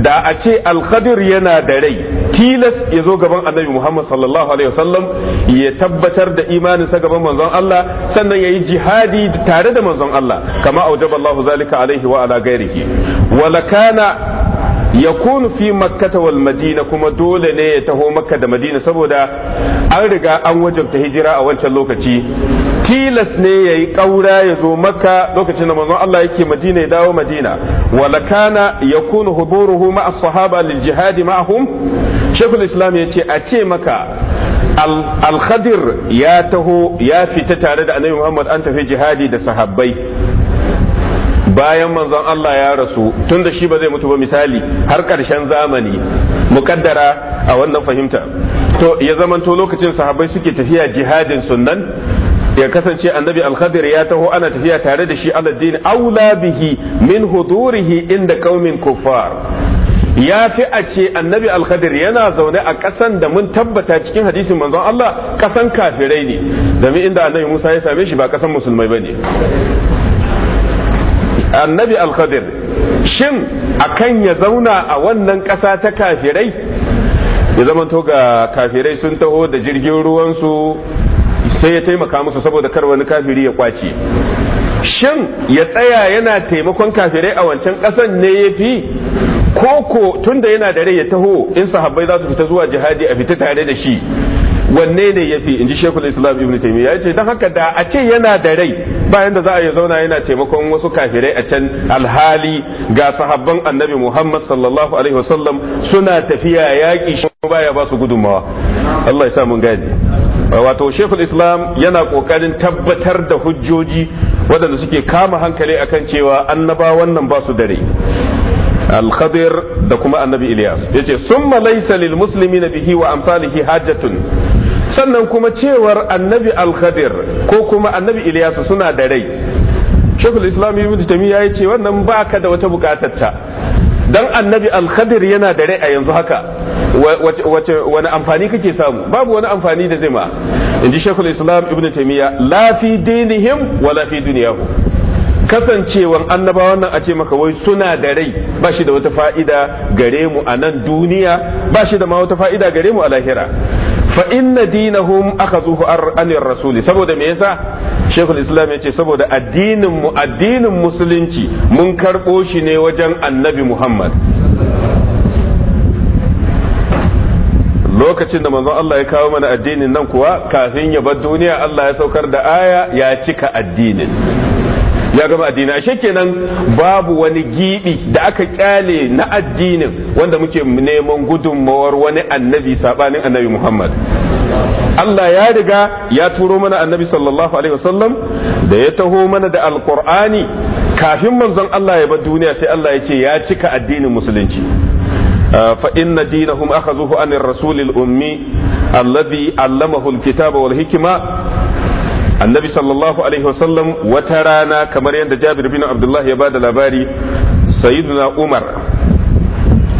da a ce alkhadir yana da rai tilas ya zo gaban annabi muhammad sallallahu alaihi wasallam ya tabbatar da imaninsa gaban manzon Allah sannan ya yi jihadi tare da manzon Allah kama aujaba Allah zalika alaihi wa ala ghairihi Wala kana. ya kunu fi makkata wal madina kuma dole ne ya taho makka da madina saboda an riga an wajabta hijira a wancan lokaci tilas ne ya yi ƙaura ya zo makka lokacin da manzon Allah yake madina ya dawo madina wala kana ya kunu huburuhu ma'a sahaba lil jihadi ma'ahum shekul islam ya ce a ce maka al-khadir ya taho ya fita tare da annabi muhammad an tafi jihadi da sahabbai bayan manzon Allah ya rasu tun da shi ba zai mutu ba misali har ƙarshen zamani mukaddara a wannan fahimta to ya zamanto lokacin sahabbai suke tafiya jihadin sunnan ya kasance annabi alkhadir ya taho ana tafiya tare da shi aladdin aula bihi min hudurihi inda kaumin kuffar ya fi a ce annabi alkhadir yana zaune a ƙasan da mun tabbata cikin hadisin manzon Allah ƙasan kafirai ne domin inda annabi Musa ya same shi ba ƙasan musulmai bane annabi al-khadir shin akan ya zauna a wannan ƙasa ta kafirai ya zama to ga kafirai sun taho da jirgin ruwansu sai ya taimaka musu saboda kar wani kafiri ya kwace shin ya tsaya yana taimakon kafirai a wancan ƙasan ne ya fi koko tunda yana da rai ya taho in sahabbai za su fita zuwa jihadi a fita tare da shi wanne ne ya fi in ji shekul islam ibn Ya ce don haka da a ce yana da rai bayan da za a yi zauna yana taimakon wasu kafirai a can alhali ga sahabban annabi muhammad sallallahu alaihi wasallam suna tafiya yaki shi baya ba su gudunmawa Allah ya sa mun gani wato shekul islam yana kokarin tabbatar da hujjoji waɗanda suke kama hankali akan cewa annaba wannan ba su dare al-khadir da kuma annabi ilyas yace sun laysa lil muslimina bihi wa amsalihi hajatun sannan kuma cewar annabi al ko kuma annabi ilyas suna da rai shekul islam ibn tamiya yace wannan baka da wata bukatar ta dan annabi al yana da rai a yanzu haka wace wani amfani kake samu babu wani amfani da zai ma inji shekul islam ibn tamiya la fi dinihim wala fi duniyahum kasancewan annaba wannan a ce maka wai suna da rai ba shi da wata fa'ida gare mu a nan duniya ba shi da ma wata fa'ida gare mu a lahira fa inna dinahum zuhu an rasuli saboda me yasa shekul islam ce saboda addinin mu addinin musulunci mun karbo shi ne wajen annabi muhammad lokacin da manzon Allah ya kawo mana addinin nan kuwa kafin ya bar duniya Allah ya saukar da aya ya cika addinin ya gama addini ashe kenan babu wani gibi da aka kyale na addinin wanda muke neman gudunmawar wani annabi sabanin annabi Muhammad Allah ya riga ya turo mana annabi sallallahu alaihi wasallam da ya taho mana da alqur'ani kafin manzon Allah ya bar duniya sai Allah ya ce ya cika addinin musulunci فإن دينهم أخذوه عن الرسول الأمي الذي علمه الكتاب والحكمة annabi sallallahu alaihi wasallam wata rana kamar yadda jabir bin abdullah ya bada labari sayyiduna umar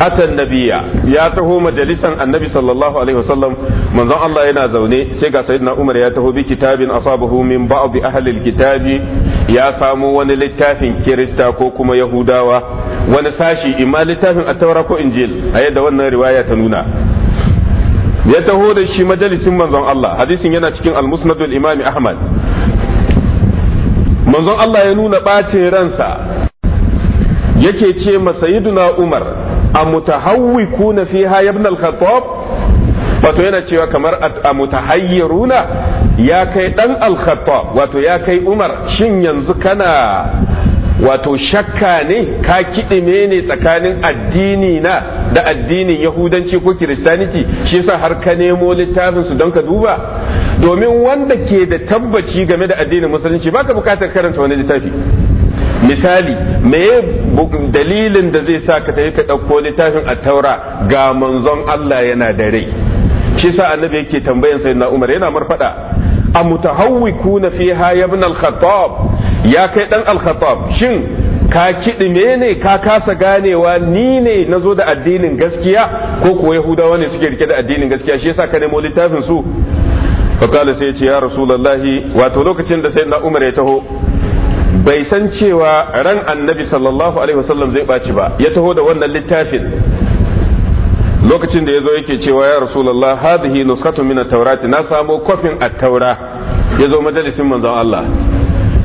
atan nabiya ya taho majalisan annabi sallallahu alaihi wasallam manzon Allah yana zaune sai ga sayyidina Umar ya taho bi kitabin asabahu min ba'd ahli alkitabi ya samu wani littafin kirista ko kuma yahudawa wani sashi imma littafin at-taura ko injil a yadda wannan riwaya ta nuna ya taho da shi majalisin manzon Allah hadisin yana cikin al-musnad al-imam Ahmad manzon Allah ya nuna ɓace ransa yake ce ma sayyiduna Umar a mutahawwikuna fiha ibn al-Khattab wato yana cewa kamar a mutahayyiruna ya kai dan al-Khattab wato ya kai Umar shin yanzu kana wato shakka ne ka kiɗime ne tsakanin addini na da addinin yahudanci ko kiristaniti shi yasa har ka nemo littafin su don ka duba domin wanda ke da tabbaci game da addinin musulunci baka bukatar karanta wani littafi misali me dalilin da zai sa ka tafi ka ɗauko littafin a taura ga manzon Allah yana da rai shi sa annabi yake tambayan sayyidina Umar yana marfada a mutahawwikuna fiha ya ibn al-khattab ya kai dan al shin ka kiɗime ne ka kasa ganewa ni ne na zo da addinin gaskiya ko kuwa yahudawa ne suke rike da addinin gaskiya shi yasa ka nemo littafin su fakala sai ce ya rasulallahi wato lokacin da na umar ya taho bai san cewa ran annabi sallallahu alaihi wasallam zai ɓaci ba ya taho da wannan littafin lokacin da ya zo yake cewa ya rasulullah hadhihi nuskhatun min at-taurati na samo kofin at-taura ya zo majalisin manzon Allah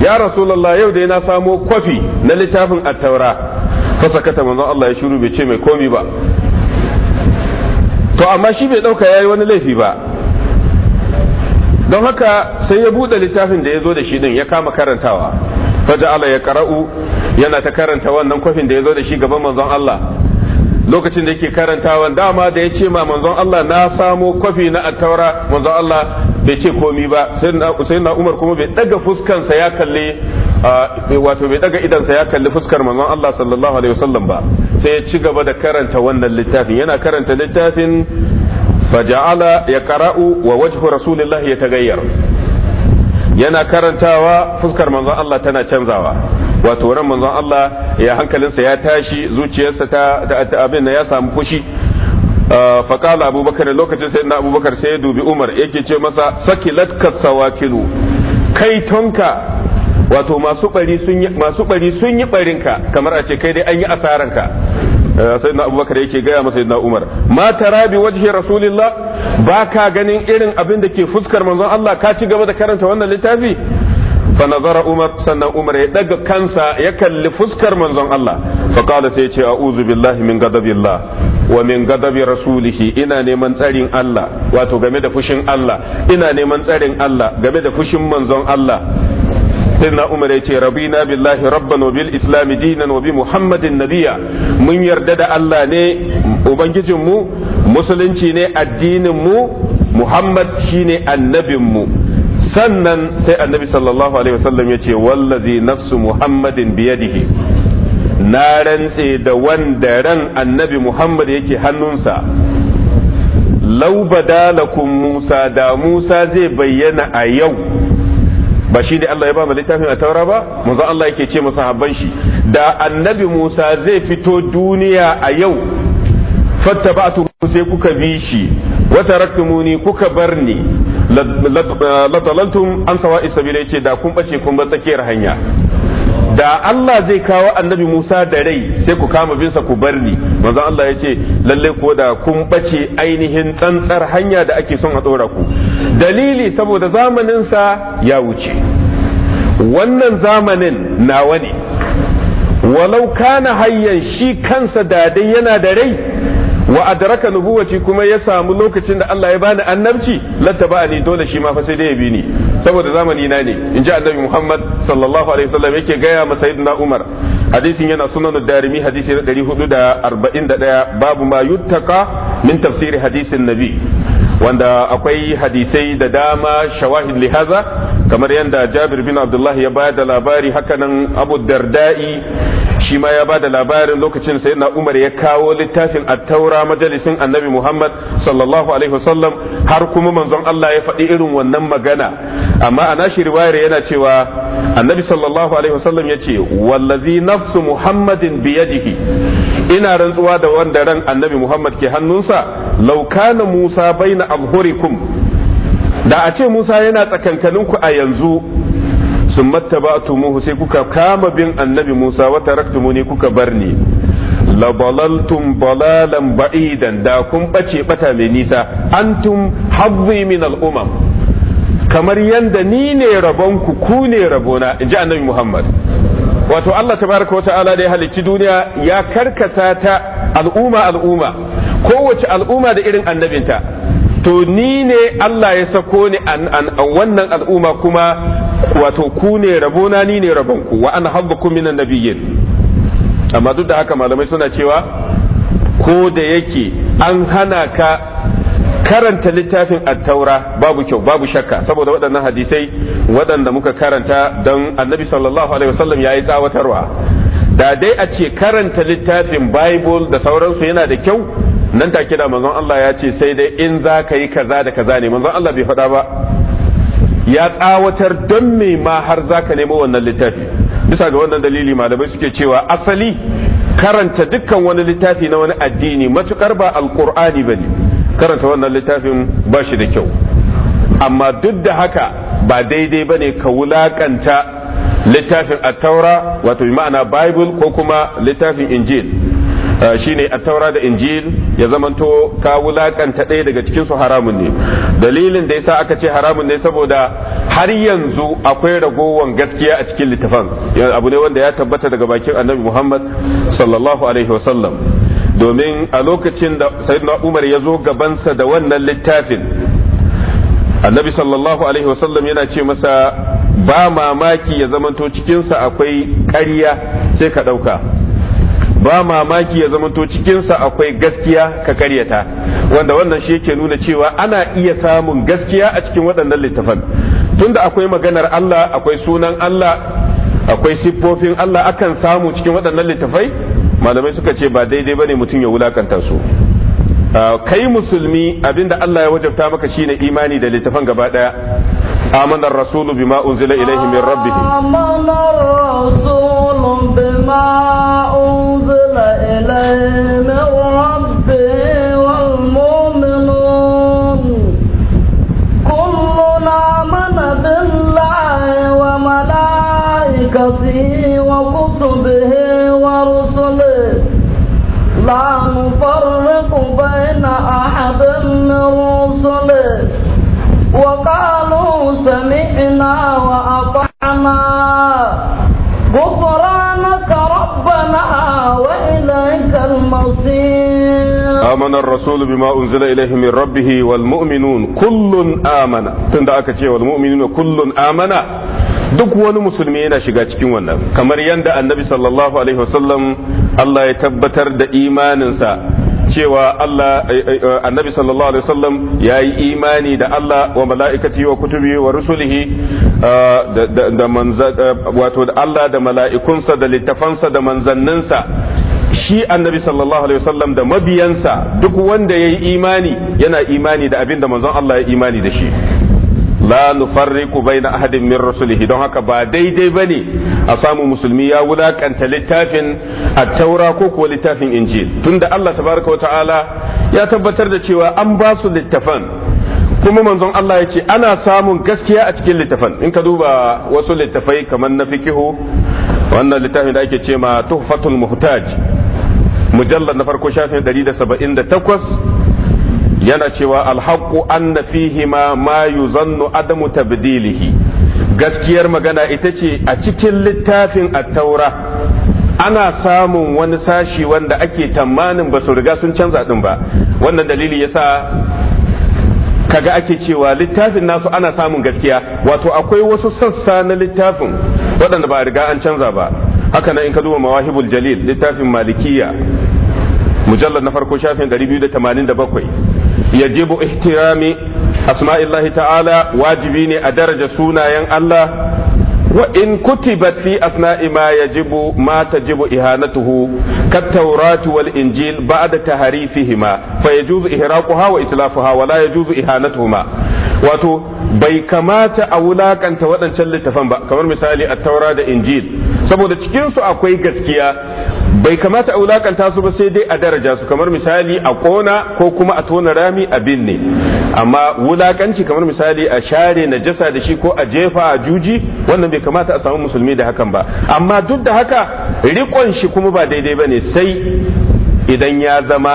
ya rasulullah yau dai na samo kwafi na littafin at-taura fa sakata manzon Allah ya shiru bai ce mai komi ba to amma shi bai dauka yayi wani laifi ba don haka sai ya bude littafin da ya zo da shi din ya kama karantawa faja'ala ya qara'u yana ta karanta wannan kwafin da ya zo da shi gaban manzon Allah lokacin da yake karantawa dama da ya ce ma manzon Allah na samo kwafi na attaura manzon Allah bai ce komi ba sai na Umar kuma bai daga fuskansa ya kalli wato bai daga idansa ya kalli fuskar manzon Allah sallallahu alaihi wasallam ba sai ya ci gaba da karanta wannan littafin yana karanta littafin faja'ala ya qara'u wa wajhu rasulillahi ya tagayyar yana karantawa fuskar manzon Allah tana canzawa wato ran manzon Allah ya hankalinsa ya tashi zuciyarsa ta abin ya samu fushi ah, faƙala abubakar lokacin sai na abubakar sai ya dubi umar yake ce masa saki latkar sawakilu kai tonka wato masu bari sun yi barinka kamar a ce kai dai an yi asaranka Eh, na abubakar yake gaya masa na umar ma tara bi wajhi rasulillah ba ka ganin irin abin da ke fuskar manzon Allah ka ci gaba da karanta wannan littafi fa nazara umar sannan umar ya daga kansa ya kalli fuskar manzon Allah fa qala sai ya ce a'udhu billahi min ghadabillah wa min ghadabi rasulihi ina neman tsarin Allah wato game da fushin Allah ina neman tsarin Allah game da fushin manzon Allah sayyidina umar ya ce rabina billahi rabban wa bil dinan wa bi muhammadin nabiya mun yarda da Allah ne ubangijin mu musulunci ne addinin mu muhammad shine annabin mu sannan sai annabi sallallahu alaihi wasallam ya ce wallazi nafsu muhammadin biyadihi na rantse da wanda ran annabi muhammad yake hannunsa laubada lakum musa da musa zai bayyana a yau ba shi ne Allah ya ba mu littafin a taura ba manzo Allah yake ce masa shi da annabi Musa zai fito duniya a yau fattaba'tu sai kuka bi shi wa taraktumuni kuka barni latalantum an sawa'i sabila yace da kun bace kun ba tsakiyar hanya da Allah zai kawo annabi Musa da rai sai ku kama binsa ku bar ni manzon Allah ya ce lalle ko da kun bace ainihin tsantsar hanya da ake son a tsora ku dalili saboda zamanin sa ya wuce wannan zamanin nawa ne walau kana hayyan shi kansa da dai yana da rai wa adraka nubuwati kuma ya samu lokacin da Allah ya bani annabci lattaba ni dole shi ma fa sai dai ya bi ni saboda zamani na ne in annabi Muhammad sallallahu alaihi wasallam yake gaya ma sayyidina Umar hadisin yana sunan darimi hadisi na 441 babu ma yuttaka min tafsiri hadisin nabi wanda akwai hadisai da dama shawahid lihaza kamar yadda Jabir bin Abdullah ya bayar da labari hakanan Abu Darda'i shi ma ya ba da labarin lokacin sai na umar ya kawo littafin attaura majalisin annabi muhammad sallallahu alaihi wasallam har kuma manzon allah ya faɗi irin wannan magana amma a nashi riwayar yana cewa annabi sallallahu alaihi wasallam ya ce wallazi nafsu muhammadin biyadihi ina rantsuwa da wanda ran annabi muhammad ke hannunsa laukana musa baina abhurikum da a ce musa yana tsakankaninku a yanzu sun mattaba'tumuhu sai kuka kama bin annabi Musa wa taraktumuni kuka bar ni. balaltum balalan ba'idan da kun bace bata mai nisa antum hazzi min al'umam kamar yanda ni ne rabonku ku ne rabona in ji annabi Muhammad wato Allah tabaraka wata'ala da ya halicci duniya ya karkasa ta al'umma al'umma kowace al'umma da irin annabinta to ni ne Allah ya sako ni an wannan al'umma kuma wato ku ne rabona ni ne rabonku wa an habbakum minan nabiyyin amma duk da haka malamai suna cewa ko da yake an hana ka karanta littafin attaura babu kyau babu shakka saboda waɗannan hadisai waɗanda muka karanta don annabi sallallahu alaihi wasallam ya yi tsawatarwa da dai a ce karanta littafin bible da sauransu yana da kyau nan take da manzon Allah ya ce sai dai in za ka yi kaza da kaza ne manzon Allah bai faɗa ba ya tsawatar don me ma har za ka nemo wannan littafi bisa ga wannan dalili malamai suke cewa asali karanta dukkan wani littafi na wani addini matukar ba alkur'ani ba ne karanta wannan littafin ba shi da kyau amma duk da haka ba daidai ba ne ka wulaƙanta littafin attaura wato ma'ana bible ko kuma littafin injil shine a taura da injil ya zamanto ka wulakanta ɗaya daga cikin haramun ne dalilin da yasa aka ce haramun ne saboda har yanzu akwai ragowar gaskiya a cikin littafan abu ne wanda ya tabbata daga bakin annabi Muhammad sallallahu alaihi wasallam domin a lokacin da sayyidina Umar ya zo gabansa da wannan littafin annabi sallallahu alaihi wasallam yana ce masa ba mamaki ya zamanto cikinsa akwai ƙarya sai ka ɗauka ba mamaki ya zamanto cikinsa akwai gaskiya ka karyata wanda wannan shi yake nuna cewa ana iya samun gaskiya a cikin waɗannan littafan tunda akwai maganar Allah akwai sunan Allah akwai siffofin Allah akan samu cikin waɗannan littafai malamai suka ce ba daidai bane mutum ya wulakanta su kai musulmi abinda Allah ya wajabta maka shine imani da littafan gaba daya آمن الرسول بما أنزل إليه من ربه آمن الرسول بما من وكتبه ورسله لا نفرق بين أحد من رسله وقالوا سمعنا وأطعنا غفران لنا وإليك المصير آمن الرسول بما أنزل إليه من ربه والمؤمنون كل آمن تندأك تشي والمؤمنون كل آمن duk wani musulmi yana shiga cikin wannan kamar yadda annabi sallallahu alaihi wasallam Allah ya tabbatar da imaninsa cewa Allah annabi sallallahu alaihi wasallam yayi imani da Allah wa mala'ikati wa kutubi wa rusulihi uh, da manza uh, wato da Allah da mala'ikunsa da littafansa da manzanninsa shi annabi sallallahu alaihi wasallam da mabiyansa duk wanda yayi imani yana imani da abin da manzon Allah ya imani da shi la bai na ahadin min rusulihi don haka ba daidai bane a samu musulmi ya wulakanta littafin at-taura ko kuwa littafin injil tunda Allah tabaraka wa ta'ala ya tabbatar da cewa an ba su littafan kuma manzon Allah ya ce ana samun gaskiya a cikin littafan in ka duba wasu littafai kamar na fikihu wannan littafin da ake ce ma tuhfatul muhtaj mujallad na farko shafin 178 yana cewa alhaqqu anna fihima ma yuzannu adamu tabdilihi gaskiyar magana ita ce a cikin littafin at-taura ana samun wani sashi wanda ake tamanin ba su riga sun canza din ba wannan dalili yasa kaga ake cewa littafin nasu ana samun gaskiya wato akwai wasu sassa na littafin waɗanda ba riga an canza ba haka nan in ka duba mawahibul jalil littafin malikiya mujallar na farko shafin 287 yajibu ihtirami asma'illahi ta'ala wajibi ne a daraja sunayen Allah وإن كتبت في أثناء ما يجب ما تجب إهانته كالتوراة والإنجيل بعد تهريفهما فيجوز إهراقها وإتلافها ولا يجوز إهانتهما wato bai kamata a wulakanta waɗancan littafan ba kamar misali a taura da injil saboda cikinsu akwai gaskiya bai kamata a wulakanta su ba sai dai a daraja su kamar misali a kona ko kuma a tona rami a binne amma wulakanci kamar misali a share najasa da shi ko a jefa a juji wannan bai kamata a samu musulmi da hakan ba amma duk da haka rikon shi kuma ba daidai ba ne sai idan ya zama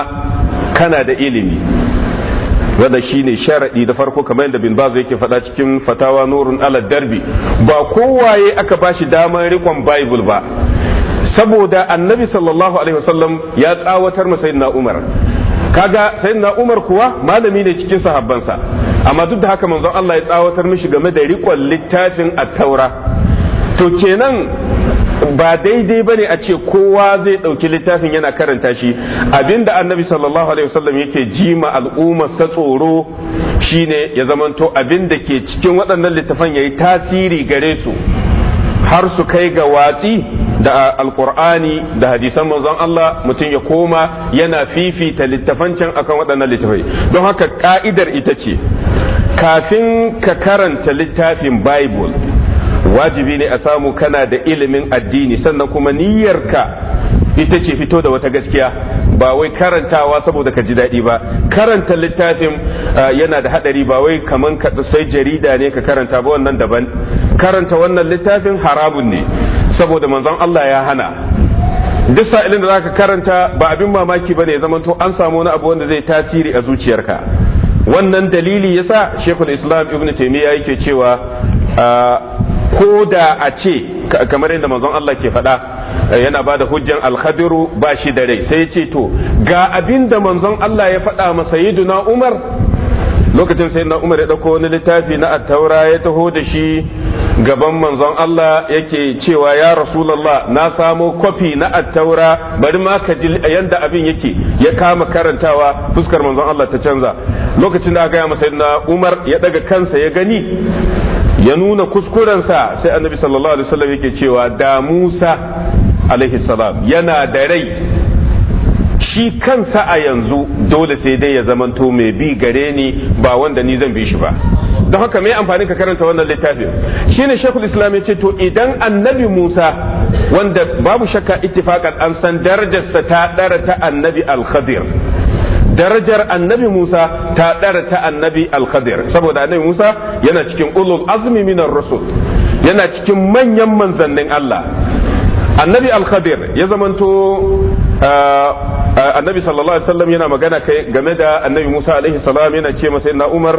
kana da ilimi wanda shine sharadi da farko kamar yadda bin bazu yake faɗa cikin fatawa nurun ala darbi ba kowaye aka bashi damar rikon bible ba saboda annabi sallallahu alaihi wasallam ya tsawatar masa na umar kaga sayyidina Umar kuwa malami ne cikin sahabbansa amma duk da haka manzon Allah ya tsawatar mishi game da riƙon littafin at-taura to kenan ba daidai bane a ce kowa zai ɗauki littafin yana karanta shi abinda annabi sallallahu alaihi wasallam yake jima umma sa tsoro shine ya zamanto abinda ke cikin waɗannan littafan yayi tasiri gare su har su kai ga watsi da alkur'ani da hadisan manzon Allah mutum ya koma yana fifita littafan can akan waɗannan littafai don haka ka'idar ita ce kafin ka karanta littafin bible wajibi ne a samu kana da ilimin addini sannan kuma niyyarka ita ce fito da wata gaskiya ba wai karantawa saboda ka ji daɗi ba karanta littafin ah, yana da haɗari ba wai kaman ka sai jarida ne ka karanta ba wannan daban karanta wannan littafin harabun ne saboda manzon Allah ya hana duk sa'ilin da zaka karanta ba abin mamaki bane ya zamanto an samu wani abu wanda zai tasiri a zuciyarka wannan dalili yasa Sheikhul islam ibn Taymiyyah yake cewa ah, ko da a ce kamar yadda manzon Allah ke faɗa eh, yana ba da hujjan alhadiru ba shi da rai sai ce to ga abin da manzon Allah ya faɗa ma sayyiduna Umar lokacin sai na Umar ya ɗauko wani littafi na attaura ya taho da shi gaban manzon Allah yake cewa ya Rasulullah na samo kwafi na attaura bari ma ka ji yanda abin yake ya kama karantawa fuskar manzon Allah ta canza lokacin da aka yi masa na Umar ya daga kansa ya gani ya nuna kuskurensa sai annabi sallallahu alaihi wasallam yake cewa da Musa alaihi salam yana da rai shi kansa a yanzu dole sai dai ya zamanto mai bi gare ni ba wanda ni zan bi shi ba don haka mai amfani ka karanta wannan littafin shine shekul islam ya ce to idan annabi musa wanda babu shakka ittifaqan an san darajarsa ta ɗara ta annabi al-khadir darajar annabi Musa ta ɗara ta annabi Al-Khadir saboda annabi Musa yana cikin ulul azmi minar rusul yana cikin manyan manzannin Allah annabi Al-Khadir ya zamanto uh, uh, annabi sallallahu alaihi wasallam yana magana game da annabi Musa alaihi salam yana ce masa na Umar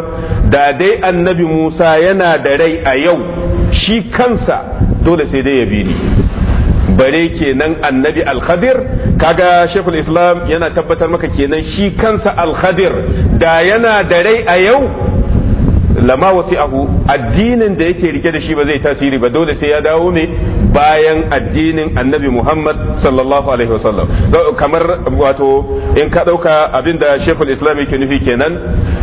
da dai annabi Musa yana da rai a yau shi kansa dole sai dai ya bi ni bare kenan annabi al kaga shekul islam yana tabbatar maka kenan shi kansa al da yana da rai a yau lama ahu addinin da yake rike da shi ba zai tasiri ba dole sai ya dawo ne bayan addinin annabi Muhammad sallallahu alaihi wasallam kamar wato in ka dauka abinda Sheikhul Islam yake nufi kenan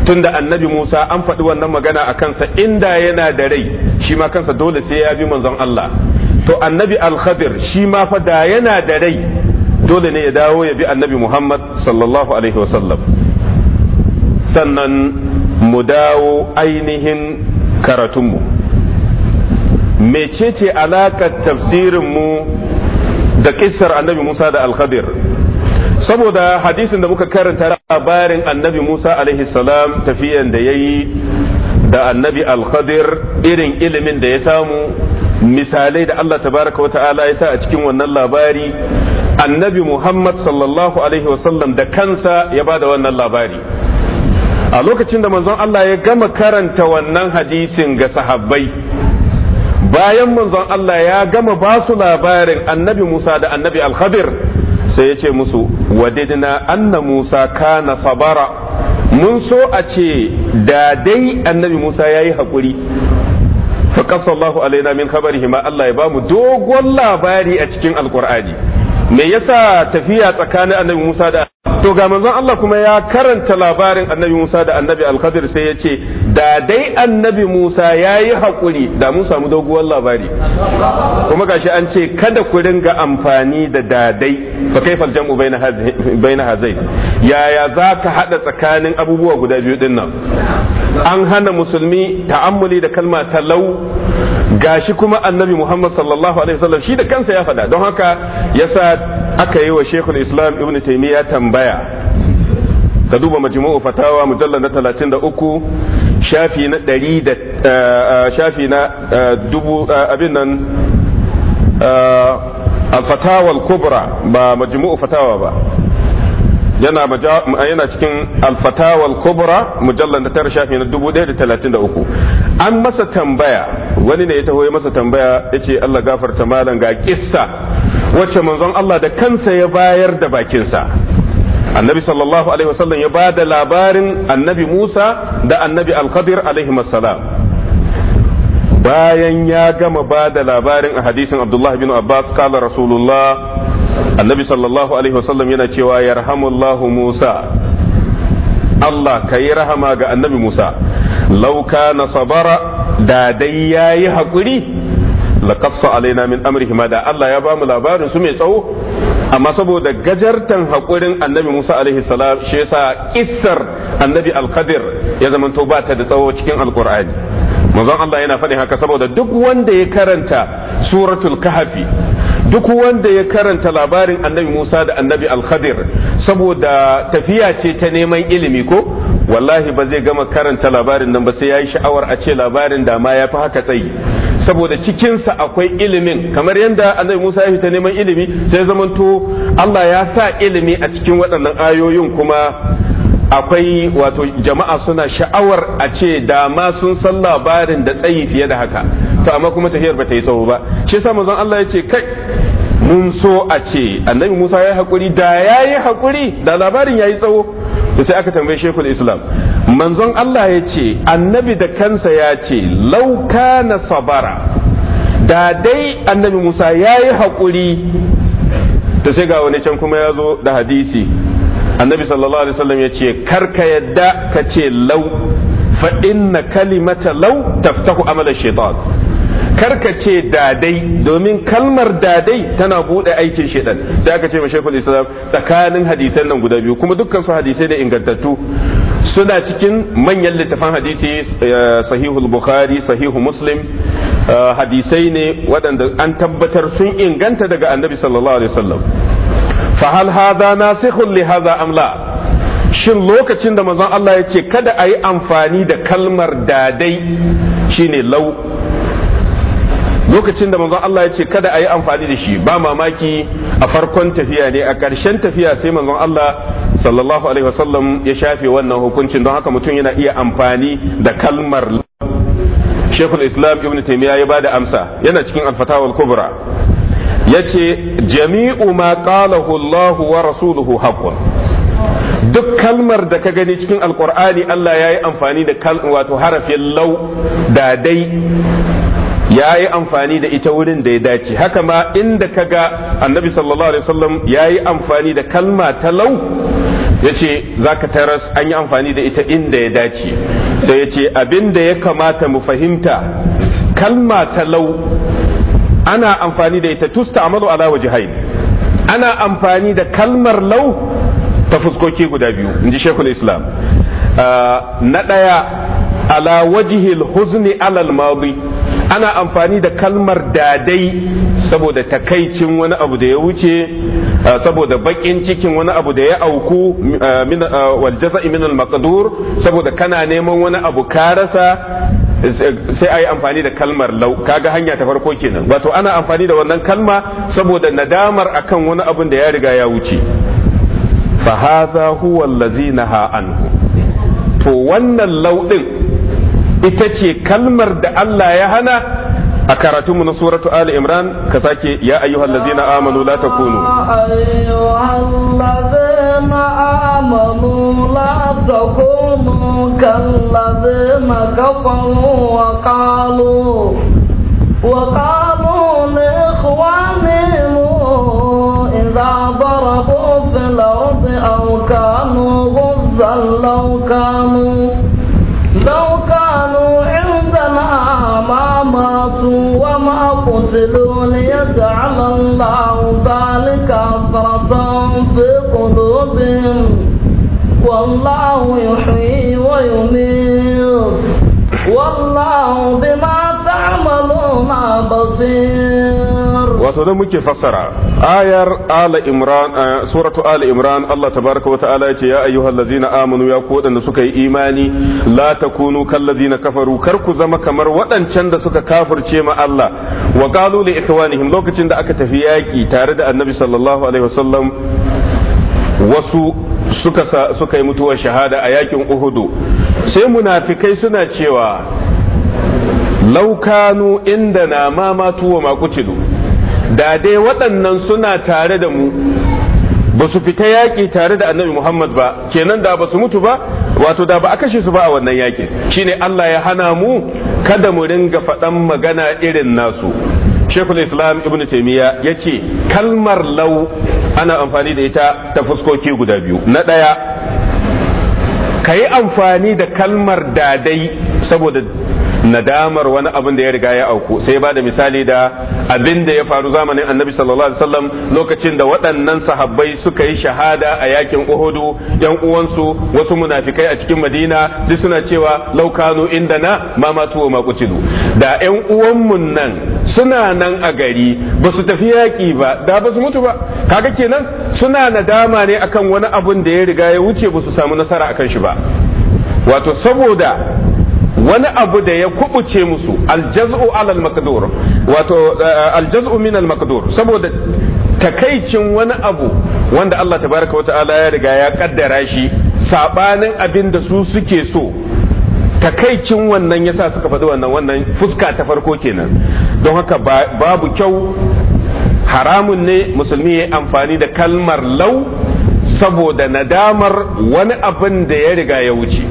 tunda annabi Musa an faɗi wannan magana a kansa inda yana da rai shi ma kansa dole sai ya bi manzon Allah to annabi Al-Khadir shi ma fa da yana da rai dole ne ya dawo ya bi annabi Muhammad sallallahu alaihi wasallam sannan mu dawo ainihin karatunmu mecece alaƙar tafsirinmu da kissar annabi musa da alkhadir saboda hadisin da muka karanta labarin annabi musa alaihi salam tafiyan da ya yi da annabi alkhadir irin ilimin da ya samu misalai da allah tabaraka wa ta'ala ya sa a cikin wannan labari annabi muhammad sallallahu alaihi wasallam da kansa ya ba da wannan labari a lokacin da manzon Allah ya gama karanta wannan hadisin ga sahabbai bayan manzon Allah ya gama ba su labarin annabi Musa da annabi Al-Khadir sai ya ce musu wadidna anna Musa kana sabara mun so a ce da dai annabi Musa ya yi haƙuri faƙasa Allahu alaina min khabarihi ma Allah ya ba mu dogon labari a cikin alƙur'ani me yasa tafiya tsakanin annabi Musa da wato ga manzon Allah kuma ya karanta labarin annabi Musa da annabi Al-Khadir sai ya ce da dai annabi Musa ya yi haƙuri da mun samu doguwar labari kuma gashi an ce kada ku ringa amfani da dadai fa kaifal jam'u baina hazai yaya za ka hada tsakanin abubuwa guda biyu din nan an hana musulmi ta'ammuli da kalma talau gashi kuma annabi Muhammad sallallahu alaihi wasallam shi da kansa ya faɗa don haka yasa aka yi wa shekul islam ibn taimiyya tambaya ka duba majmu'u fatawa mujallar na 33 shafi na 100 eh, eh, shafi na eh, dubu abin nan al-fatawa al-kubra ba majmu'u fatawa ba yana yana cikin alfatawal kubra mujallar da tara shafi na 1033 an masa tambaya wani ne ya taho ya masa tambaya ya ce Allah gafarta malam ga kissa wacce manzon Allah da kansa ya bayar da bakinsa annabi sallallahu alaihi wasallam ya ba da labarin annabi Musa da annabi alkadir alaihi salam bayan ya gama ba da labarin a hadisin abdullah bin abbas kala rasulullah annabi sallallahu alaihi wasallam yana cewa yarhamullahu musa Allah ka yi rahama ga annabi Musa, lauka na sabara da dai ya yi haƙuri, laƙassa alaina min amri da Allah ya ba mu labarin su mai tsawo, amma saboda gajartan haƙurin annabi Musa alaihi salam shi yasa kissar annabi alkadir ya zamanto ba ta da tsawo cikin alƙur'ani. Manzon Allah yana faɗin haka saboda duk wanda ya karanta suratul kahafi duk wanda ya karanta labarin annabi Musa da annabi al saboda tafiya ce ta neman ilimi ko wallahi ba zai gama karanta labarin nan ba sai ya yi sha'awar a ce labarin da ma ya fi haka tsayi saboda cikinsa akwai ilimin kamar yadda annabi Musa ya fita neman ilimi sai zamanto Allah ya sa ilimi a cikin waɗannan ayoyin kuma akwai wato jama'a suna sha'awar a ce da sun san labarin da tsayi fiye da haka to amma kuma tafiyar ba ta yi tsawo ba shi sa manzon Allah ya ce kai mun so a ce annabi Musa ya hakuri da ya yi hakuri da labarin ya yi tsawo to sai aka tambaye shekul islam manzon Allah ya ce annabi da kansa ya ce lauka na sabara da dai annabi Musa ya yi hakuri to sai ga wani can kuma ya zo da hadisi annabi sallallahu alaihi wasallam ya ce karka yadda ka ce lau fa inna kalimata lau taftahu amala shaitan karka ce dadai domin kalmar dadai tana bude aikin shaitan da aka ce shaykhul islam tsakanin hadisan nan guda biyu kuma dukkan su hadisai ne ingantattu suna cikin manyan littafan hadisi eh, sahihul bukhari sahihu muslim eh, hadisai ne waɗanda an tabbatar sun inganta daga annabi sallallahu alaihi wasallam fa hal hadha nasikhun li hadha am la shin lokacin da manzon Allah ya kada a yi amfani da kalmar dadai shine lau lokacin da manzon Allah ya kada a yi amfani da shi ba mamaki a farkon tafiya ne a ƙarshen tafiya sai manzon Allah sallallahu alaihi wasallam ya shafe wannan hukuncin don haka mutum yana iya amfani da kalmar shekul islam ibn Taymiyyah ya bada amsa yana cikin alfatawal kubra yace jami'u ma qalahu Allahu wa rasuluhu haqqun duk kalmar da ka gani cikin alkur'ani Allah ya yi amfani da kal wato harafin lau da dai ya yi amfani da ita wurin da ya dace haka ma inda ka ga annabi sallallahu alaihi wasallam ya yi amfani da kalma ta lau ya ce taras an yi amfani da ita inda ya dace da yace abin da ya kamata mu fahimta kalma ta lau ana amfani da ita tusta amalu ala wajhain ana amfani da kalmar lau ta fuskoki guda biyu inji shekul islam ah, na ɗaya ala wajihil huzni alal ana amfani da kalmar dadai saboda takaicin wani abu da ya wuce ah, saboda bakin cikin wani abu da ya auku ah, wal jaza'i min al saboda kana neman wani abu ka rasa sai a yi amfani da kalmar lau kaga hanya ta farko kenan wato ana amfani da wannan kalma saboda nadamar akan wani abin da ya riga ya wuce fa hadha huwa allazi naha anhu to wannan lau din ita ce kalmar da Allah ya hana a karatunmu na suratu Ali Imran ka sake ya ayyuhal ladzina amanu la takunu ayyuhal ladzina amanu لا تكونوا كالذين كفروا وقالوا وقالوا لإخوانهم إذا ضربوا في الأرض أو كانوا غزا لو كانوا لو كانوا عندنا ما ماتوا وما قتلوا ليجعل الله ذلك حسرة في قلوبهم والله يحيي ويميت والله بما تعملون بصير وتنا muke fassara ayar ala imran suratu ala imran Allah tabaraka wa ta'ala yace ya ayyuhallazina amanu ya ku wadanda suka yi imani la takunu kallazina kafaru kar ku zama kamar wadancan da suka kafirce ma Allah wa qalu li ikhwanihim lokacin da aka tafi yaki tare da annabi sallallahu alaihi wasallam wasu suka suka yi mutuwar shahada a yakin uhudu sai munafikai suna cewa laukanu inda na ma matu da dai waɗannan suna tare da mu ba su fita yaƙi tare da annabi Muhammad ba kenan da ba su mutu ba wato da ba a kashe su ba a wannan yaƙi shine Allah ya hana mu kada mu ringa faɗan magana irin nasu shekul islam ibn taimiyya ya ce kalmar lau ana amfani da ita ta fuskoki guda biyu na ɗaya ka yi amfani da kalmar dadai saboda nadamar wani abin da ya riga ya auku sai ba da misali da abin da ya faru zamanin annabi sallallahu alaihi wasallam lokacin da waɗannan sahabbai suka yi shahada a yakin uhudu yan uwansu wasu munafikai a cikin madina duk suna cewa laukano inda na ma matu ma makucilu da yan uwanmu nan suna nan a gari ba su tafi yaki ba da ba su mutu ba kaga kenan suna nadama ne akan wani abin da ya riga ya wuce ba su samu nasara akan shi ba wato saboda wani abu da ya kubuce musu aljaz'u alal maqdur wato eh, aljaz'u min al saboda takaicin wani abu wanda Allah tabaraka wa ta'ala ya riga ya kaddara shi sabanin abin da su suke so takaicin wannan yasa suka faɗi wannan wannan fuska ta farko kenan don haka babu kyau haramun ne musulmi ya amfani da kalmar lau saboda nadamar wani abin da ya riga ya wuce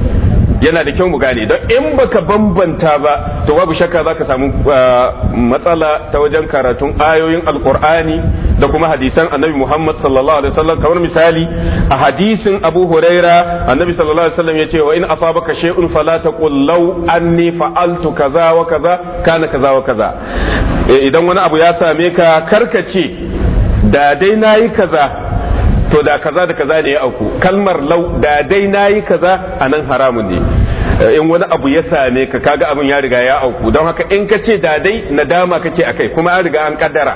yana da kyau mu gane don in baka bambanta ba to babu shakka zaka samu ah, matsala ta wajen karatun ayoyin alkur'ani da kuma hadisan annabi muhammad sallallahu alaihi wasallam kamar misali a hadisin abu huraira annabi sallallahu alaihi wasallam yace wa in asabaka shay'un fala taqul law anni fa'altu kaza wa kaza kana kaza wa kaza eh, idan wani abu ya same ka karka ce da dai nayi kaza to da kaza da kaza ne ya auku kalmar lau da dai nayi kaza anan haramun ne eh, in wani abu ya same ka kaga abin ya riga ya auku don haka in ka ce da dai nadama kake akai kuma an riga an kaddara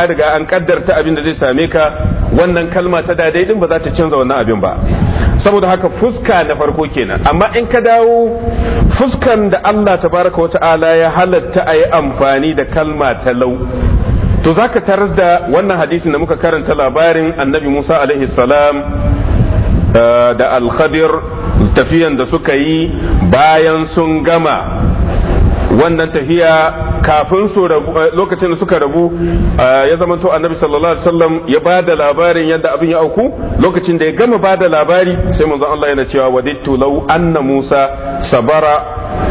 an riga an kaddarta abin da zai same ka wannan kalma ta da dai din ba za ta canza wannan abin ba saboda haka fuska na farko kenan amma in ka dawo fuskan da Allah tabaraka wata'ala ya halatta a yi amfani da kalma ta lau. to zaka taras da wannan hadisin da muka karanta labarin annabi Musa alaihi salam eh, da al-Khadir tafiyan da suka yi bayan sun gama wannan tafiya kafin su rabu eh, lokacin da suka rabu eh, ya zama to annabi sallallahu alaihi wasallam ya ba da labarin yadda abin ya auku lokacin da ya gama ba da labari sai manzon Allah yana cewa wadittu law anna Musa sabara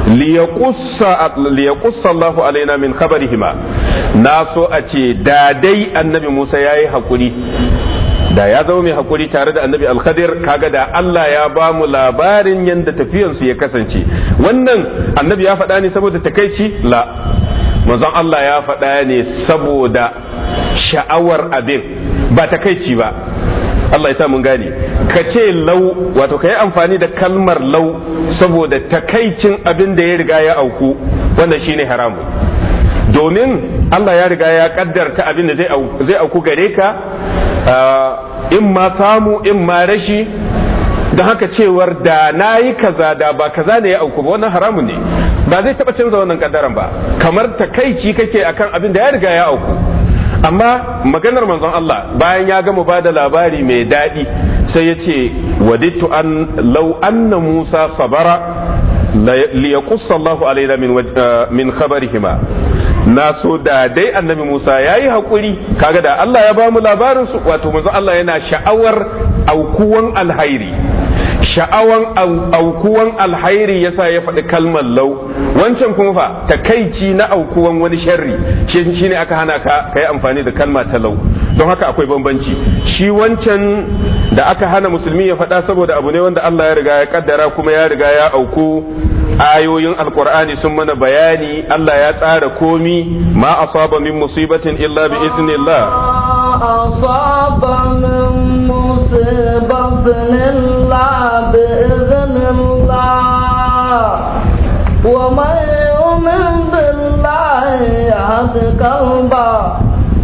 liyaqussa liyaqussa Allah alaina min khabarihima na so a ce da dai annabi Musa yayi hakuri da ya zama mai hakuri tare da annabi alkhadir kaga da Allah ya ba mu labarin yadda su ya kasance wannan annabi ya faɗa ne saboda takaici la manzon Allah ya faɗa ne saboda sha'awar abin ba takaici ba Allah ya sa mun gane ka ce lau wato ka yi amfani da kalmar lau saboda takaicin abin da ya riga ya auku wannan shine haramu domin Allah ya riga ya kaddarta abin da zai auku gare ka in ma samu in ma rashi Da haka cewar da na yi kaza da ba kaza ne ya auku ba wannan haramun ne ba zai taɓa canza wannan kaddaran ba kamar ta takaici kake akan abin da ya riga ya auku amma maganar manzon Allah bayan ya gama ba da labari mai daɗi sai ya ce wadittu an lau anna Musa sabara liyaqussa Allahu alaina min eh, min khabarihima na so da dai annabi Musa yayi hakuri kaga da Allah ya bamu labarin su wato manzo Allah yana sha'awar aukuwan alhairi sha'awan aukuwan alhairi yasa ya faɗi kalmar lau wancan kuma fa takaici na aukuwan wani sharri shi ne aka hana ka ka yi amfani da kalma ta lau don haka akwai bambanci shi wancan da aka hana musulmi ya faɗa saboda abu ne wanda Allah ya riga ya kaddara kuma ya riga ya auku ayoyin alkur'ani sun mana bayani Allah ya tsara komi ma asaba min musibatin illa bi iznillah asaba min بفضل الله بإذن الله ومن يؤمن بالله يهد قلبه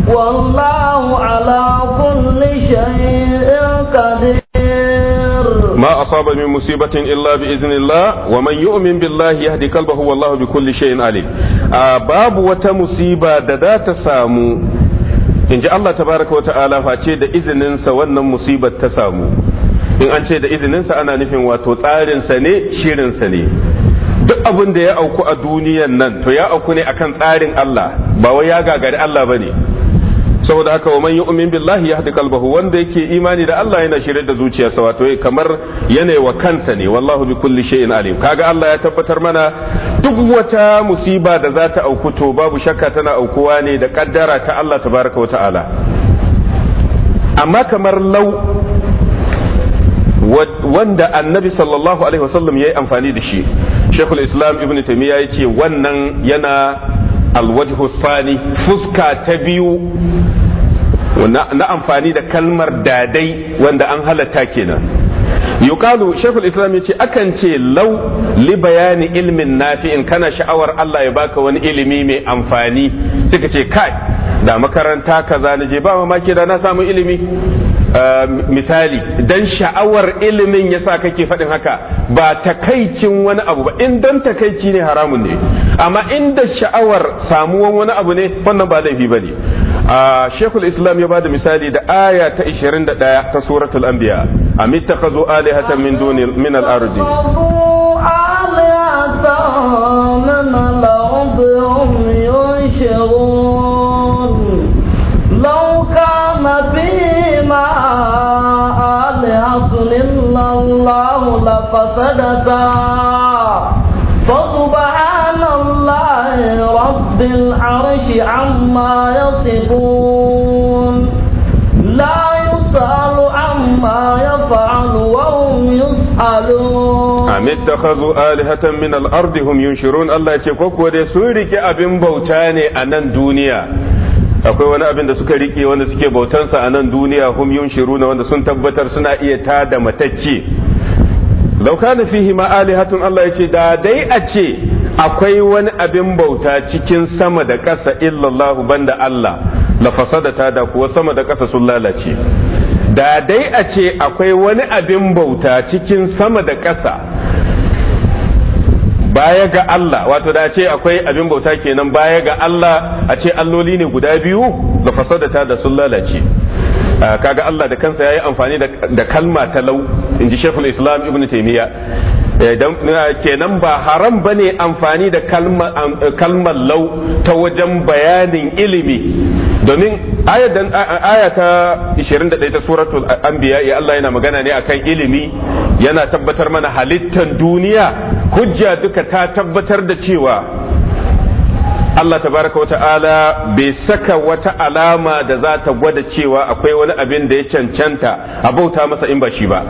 والله على كل شيء قدير ما أصاب من مصيبة إلا بإذن الله ومن يؤمن بالله يهدي قلبه والله بكل شيء عليم آه، باب وتمصيبة داتا سامو in ji Allah tabaraka wa ta'ala face da sa wannan musibar ta samu in an ce da izininsa ana nufin wato tsarinsa ne shirinsa ne duk abin da ya auku a duniyan nan to ya auku ne akan tsarin Allah ba wai ya gagari Allah ba ne saboda haka wa man yu'min billahi yahdi qalbahu wanda yake imani da Allah yana shirye da zuciyarsa wato eh, kamar yanayi wa kansa ne wallahu bi kulli shay'in alim kaga Allah ya tabbatar mana duk wata musiba da za ta auku to babu shakka tana aukuwa ne da kaddara ta Allah tabaraka wa ta'ala amma kamar lau wanda annabi sallallahu alaihi wasallam yayi amfani da shi shekul islam ibn taymiya yace wannan yana alwajhu thani fuska ta biyu na amfani da kalmar dadai wanda an halatta kenan yuqalu shaykhul islam yace akan ce lau li bayani ilmin in kana sha'awar Allah ya baka wani ilimi mai amfani suka ce kai da makaranta kaza na je ba mamaki da na samu ilimi ah, misali dan sha'awar ilimin yasa kake faɗin haka ba takaicin wani abu ba in dan takaici ne haramun ne amma inda sha'awar samuwan wani abu ne wannan ba laifi bane shekul islam ya bada misali da aya ta 21 ta suratul anbiya am ittakazu alihatan min duni min al-ardi لو كان فيما آلهة إلا الله لفسدتا فسبحان الله رب رب العرش عما يصفون لا يسأل عما يفعل وهم يسألون أم اتخذوا آلهة من الأرض هم ينشرون الله يتكوك ودي أبن بوتاني أنا دنيا akwai wani abin da suka rike wanda suke bautansa a nan duniya hum yunshiruna wanda sun tabbatar suna iya tada matacce lau fi hima ma alihatun Allah ya ce da dai a ce akwai wani abin bauta cikin sama da ƙasa illallahu banda Allah la ta da kuwa sama da ƙasa sun lalace da dai a ce akwai wani abin bauta cikin sama da ƙasa baya ga Allah wato da ce akwai abin bauta kenan baya ga Allah a ce alloli ne guda biyu da ta da sun lalace Ah, kaga Allah da kansa yayi amfani da kalma talau inji Sheikhul Islam Ibn Taymiyyah eh, kenan ba haram bane amfani da kalmar lau ta wajen bayanin ilimi domin aya ta 21 ta suratul anbiya ya Allah yana magana ne akan ilimi yana tabbatar mana halittar duniya hujja duka ta tabbatar da cewa Allah tabaraka wa ta'ala bai saka wata alama da za ta gwada cewa akwai wani abin da ya cancanta a bauta masa in ba shi ba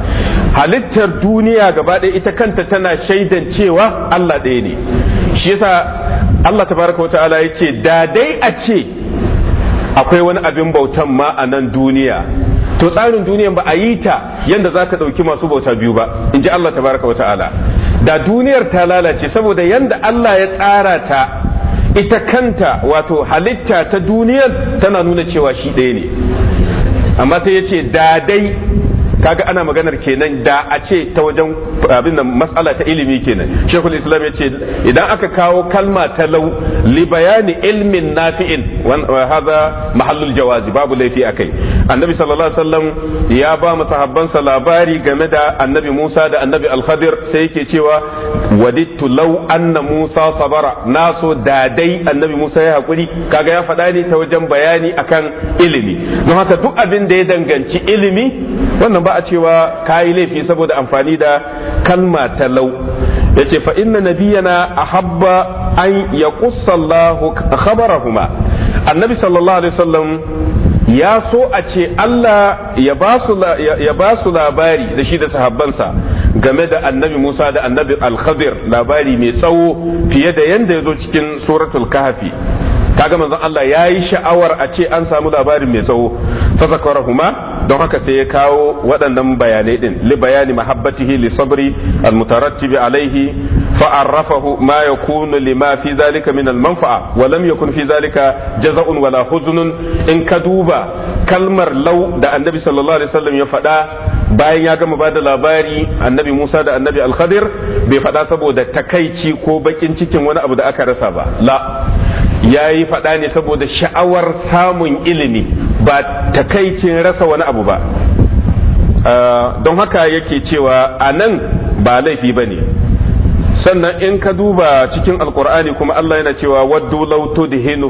halittar duniya gaba ɗaya ita kanta tana shaidan cewa Allah ɗaya ne shi yasa Allah tabaraka wa ta'ala ya ce da dai a ce akwai wani abin bautan ma a nan duniya to tsarin duniyan ba a yi ta yadda za ta ɗauki masu bauta biyu ba in ji Allah tabaraka wa ta'ala da duniyar ta lalace saboda yadda Allah ya tsara ta ita kanta wato halitta ta duniyar tana nuna cewa shi ɗaya ne amma sai ya ce da kaga ana maganar kenan da a ce ta wajen abin matsala ta ilimi kenan shekul islam ya ce idan aka kawo kalma talau li bayani ilmin nafi'in haza mahallul jawazi babu laifi a kai annabi sallallahu alaihi wasallam ya ba mu labari game da annabi Musa da annabi al sai yake cewa wadittu law anna Musa sabara na so annabi Musa ya hakuri kaga ya faɗa ne ta wajen bayani akan ilimi don haka duk abin da ya danganci ilimi wannan ba a cewa kayi laifi saboda amfani da kalma talau ce fa inna nabiyana habba an yaqussa Allahu khabarahuma annabi sallallahu alaihi wasallam ya so a ce Allah ya ba su labari da shi da sahabbansa game da annabi Musa da annabi Al-Khadir labari mai tsawo fiye da yanda ya zo cikin suratul kahfi kaga manzon Allah yayi sha'awar a ce an samu labarin mai tsawo fa zakarahuma don haka sai ya kawo waɗannan bayanai din li bayani mahabbatihi li sabri al mutarattib alaihi fa arrafahu ma yakunu lima fi zalika min al manfa'a wa lam yakun fi zalika jaza'un wala huznun in ka duba kalmar law da annabi sallallahu alaihi wasallam ya faɗa bayan ya gama bada labari annabi Musa da annabi Al-Khadir bai faɗa saboda takaici ko bakin cikin wani abu da aka rasa ba la ya yi faɗa ne saboda sha'awar samun ilimi ba takaicin rasa wani abu ba ah, don haka yake cewa a nan ba laifi ba ne sannan in ka duba cikin alkur'ani kuma Allah yana cewa waddu da law da hinu.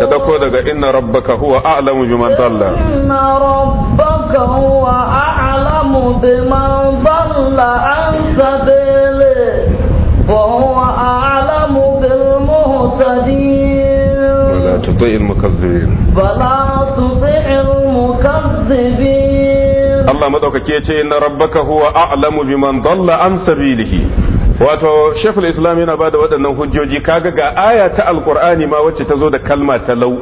ta dako daga inna rabbaka huwa a'lamu biman dalla inna rabbaka huwa أظلم بمن ضل عن سبيله وهو أعلم بالمهتدين ولا تطع المكذبين ولا تطع المكذبين الله مدوكake yace inna rabbaka huwa a'lamu biman dalla an wato shekul islam yana da waɗannan hujjoji kaga ga aya ta Al'ƙur'ani ma wacce ta zo da kalma talau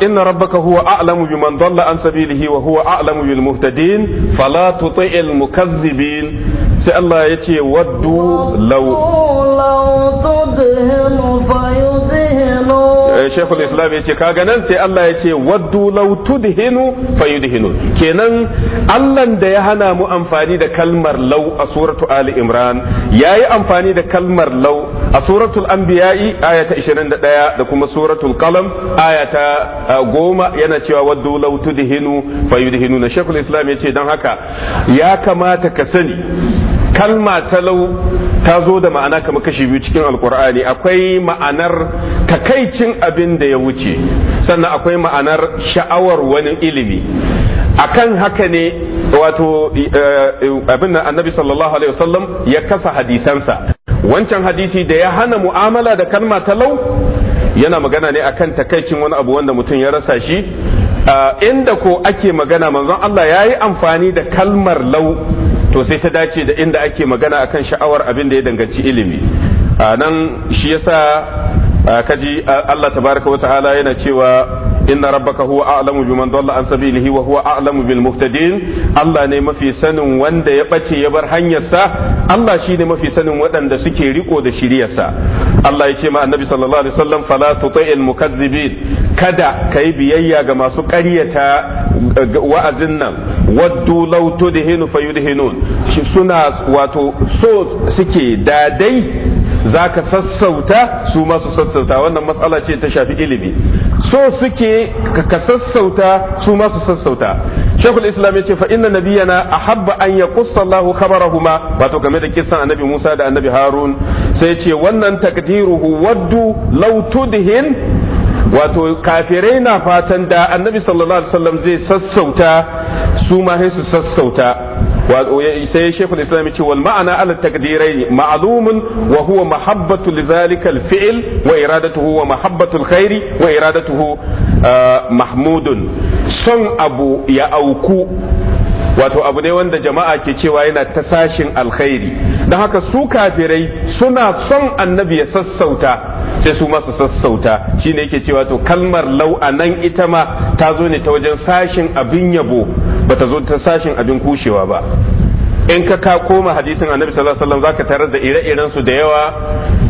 inna rabbaka huwa a'lamu biman dalla an sabilihi hiwa huwa a'lamu bil muhtadin fala tuti'il mukazzibin sai Allah ya ce law law shekul islam ya ce kaga nan sai Allah ya ce waddu law tudhinu fayudhinu kenan Allah da ya hana mu amfani da kalmar law a suratu ali imran yayi amfani da kalmar law a suratul anbiya'i ayata 21 da kuma suratul qalam ayata goma 10 yana cewa waddu law tudhinu na. shekul islam ya ce dan haka ya kamata ka sani kalma talau ta zo da ma'ana kamar kashi biyu cikin alkur'ani akwai ma'anar takaicin abin da ya wuce sannan akwai ma'anar sha'awar wani ilimi akan haka ne wato eh, eh, abin da annabi sallallahu alaihi wasallam ya kasa hadisansa wancan hadisi da ya hana mu'amala da kalma talau yana magana ne akan takaicin wani abu wanda mutum ya rasa shi ah, inda ko ake magana manzon Allah ya yi amfani da kalmar lau to sai ta dace da inda ake magana akan sha'awar abin da ya danganci ilimi a nan shi yasa kaji Allah tabaraka wa ta'ala yana cewa inna rabbaka huwa a'lamu biman dalla an sabilihi wa huwa a'lamu bil muhtadin Allah ne mafi sanin wanda ya bace ya bar hanyarsa Allah shine mafi sanin waɗanda suke riko da shiriyarsa Allah ya ce ma annabi sallallahu alaihi wasallam fala tuti'il mukazzibin kada kai biyayya ga masu ƙaryata wa'azin nan waddu law tudhinu fayudhinun suna wato so suke dadai zaka sassauta su masu sassauta sassauta wannan matsala ce ta shafi ilimi so suke ka sassauta su ma su sassauta shekul islam ya ce fa inna nabiyana ahabba an yaqussa Allahu khabarahuma wato game da kissan annabi Musa da annabi Harun sai ce wannan takdiruhu waddu law tudhin wato kafirai na fatan da annabi sallallahu alaihi wasallam zai sassauta su ma sai su sassauta sai shekul islam ce wal ma'ana ala takdirai ma'lumun wa huwa mahabbatu li zalika al fi'l wa iradatuhu wa mahabbatu al khairi wa iradatuhu ah, mahmudun son abu ya auku wato abu ne wanda jama'a ke cewa yana ta sashin alkhairi don haka su kafirai suna son annabi ya sassauta sai su masu sassauta shine yake cewa to kalmar lau a nan ita ma ta zo ne ta wajen sashin abin yabo bata zo ta sashin abin kushewa ba in ka ka koma hadisin annabi sallallahu alaihi wasallam zaka tarar da ire-iren su da yawa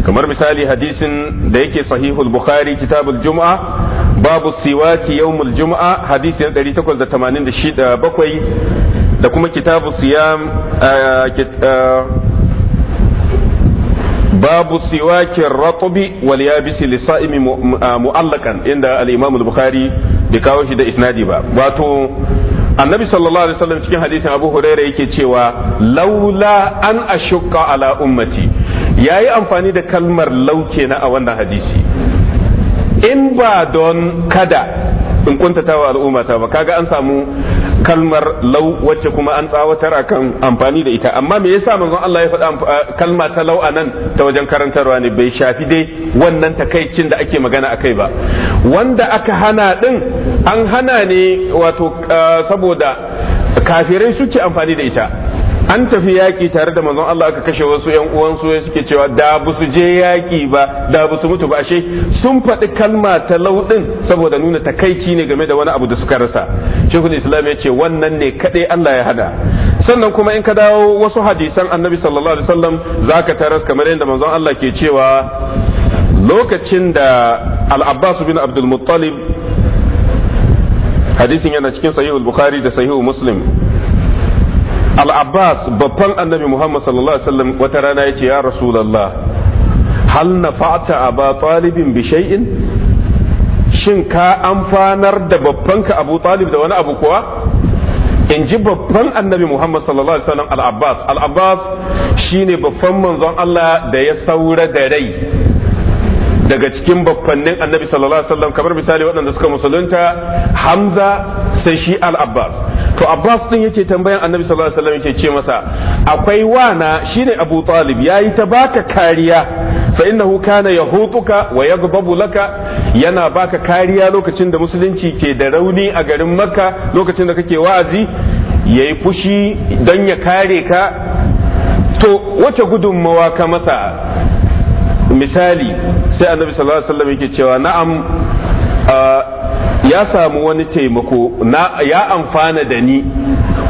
kamar misali hadisin da yake sahihul bukhari kitabul jumu'a babu siwaki yawmul jumu'a hadisin 887 da kuma kitabu siyam babu siwakin ratubi wal yabisi lisa'imi mu'allakan inda al-imam al-bukhari bai kawo shi da isnadi ba wato annabi sallallahu alaihi wasallam cikin hadisin abu huraira yake cewa laula an ashqa ala ummati yayi amfani da kalmar lauke na a wannan hadisi in ba don kada in kuntata wa al'ummata ba kaga an samu kalmar lau wacce kuma an tsawatar akan amfani da ita amma me yasa manzon Allah ya faɗa kalma ta lau anan ta wajen karantarwa ne bai shafi dai wannan takaicin da ake magana akai ba wanda aka hana din an hana ne wato saboda kafirai suke amfani da ita an tafi yaƙi tare da manzon Allah aka kashe wasu ƴan uwansu ya suke cewa da ba su je yaƙi ba da ba su mutu ba ashe sun faɗi kalma ta lauɗin saboda nuna takaici ne game da wani abu da suka rasa shekul islam ya ce wannan ne kaɗai Allah ya hada sannan kuma in ka dawo wasu hadisan annabi sallallahu alaihi wasallam zaka taras kamar yadda manzon Allah ke cewa lokacin da al abbas bin Abdul abdulmuttalib hadisin yana cikin sahihul bukhari da sahihul muslim al-abbas babban annabi muhammad sallallahu alaihi wasallam wata rana ya ce ya rasulallah hal na fata a ba talibin bishai'in shin ka amfanar da ka abu talib da wani abu kuwa in ji babban annabi muhammad sallallahu alaihi wasallam al-abbas shine babban manzon allah da ya saura da rai daga cikin baffannin annabi sallallahu alaihi wasallam kamar misali waɗanda suka musulunta hamza sai shi al-abbas to abbas din yake tambayan annabi sallallahu alaihi wasallam yake ce masa akwai wana shine abu talib yayi ta baka kariya fa innahu kana yahutuka wa yaghdabu laka yana baka kariya lokacin da musulunci ke da rauni a garin makka lokacin da kake wa'azi yayi fushi dan ya kare ka to wace gudunmawa ka masa misali sai annabi sallallahu alaihi wasallam yake cewa na'am ya samu wani taimako ya amfana da ni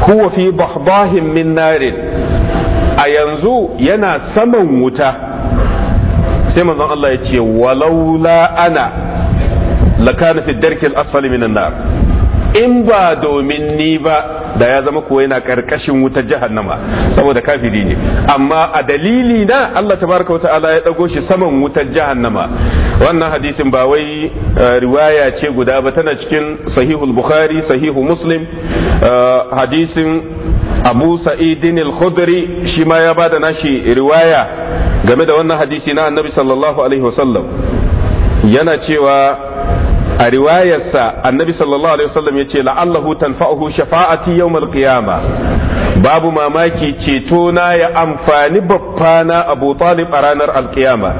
huwa fi bahbahin min narin a yanzu yana saman wuta sai manzon Allah ya ce walaula ana lakana fi darkil asfali minan nar in ba domin ni ba da ya zama kuwa yana karkashin wutar jahannama saboda kafiri ne amma a dalili na Allah tabaraka wa ta'ala ya dago shi saman wutar jahannama wannan hadisin ba wai uh, riwaya ce guda ba tana cikin sahihul bukhari sahihu muslim uh, hadisin abu sa'idin al-khudri shi ma ya bada nashi riwaya game da wannan hadisi na annabi sallallahu alaihi wasallam yana cewa a riwayarsa annabi sallallahu alaihi wasallam ya ce la'allahu tanfa'uhu shafa'ati yawmal qiyama babu mamaki ceto na ya amfani baffana abu talib a ranar alkiyama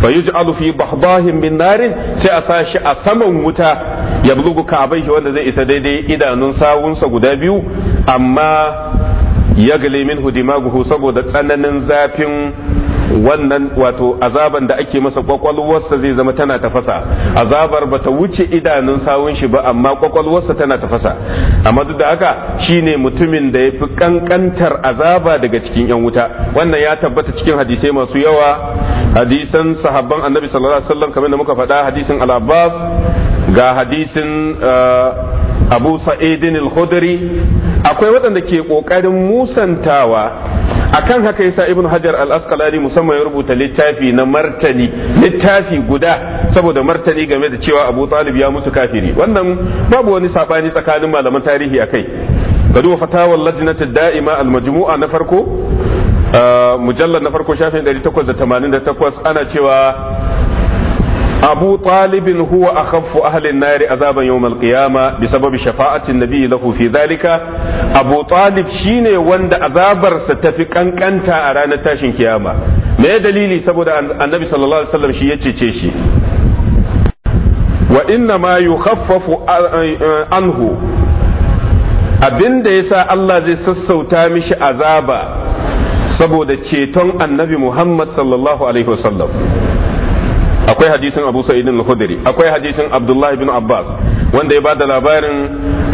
fa yuj'alu fi bahdahin min narin sai a sashi a saman wuta ya bulugu ka'abai shi wanda zai isa daidai idanun sawunsa guda biyu amma ya gale min hudimaguhu saboda tsananin zafin wannan wato azaban da ake masa kwakwalwarsa zai zama tana tafasa azabar ba ta wuce idanun sawun shi ba amma kwakwalwarsa tana tafasa amma duk da haka shine mutumin da ya fi kankantar azaba daga cikin yan wuta wannan ya tabbata cikin hadisai masu yawa hadisan sahabban annabi sallallahu alaihi wasallam kamar da muka faɗa hadisin al-abbas ga hadisin uh, abu sa'idin al-khudri akwai waɗanda ke ƙoƙarin musantawa akan haka yasa ibn hajar al-asqalani musamman ya rubuta littafi na martani littafi guda saboda martani game da cewa abu talib ya mutu kafiri wannan babu wani sabani tsakanin malaman tarihi akai ga duba fatawar lajnat da'ima al-majmu'a na farko uh, mujallar na farko shafin 888 ana cewa abu talibin huwa akhaffu ahlin nari azaban yawmal qiyama bi sababi shafa'atin nabiyyi lahu fi dhalika abu talib shine wanda azabarsa tafi kankanta a ranar tashin kiyama me dalili saboda annabi sallallahu alaihi wasallam shi ya cece shi wa inna ma yukhaffafu anhu abinda yasa Allah zai sassauta mishi azaba saboda ceton annabi Muhammad sallallahu alaihi wasallam akwai hadisin Abu Sa'id al-Khudri akwai hadisin Abdullah bin Abbas wanda ya bada labarin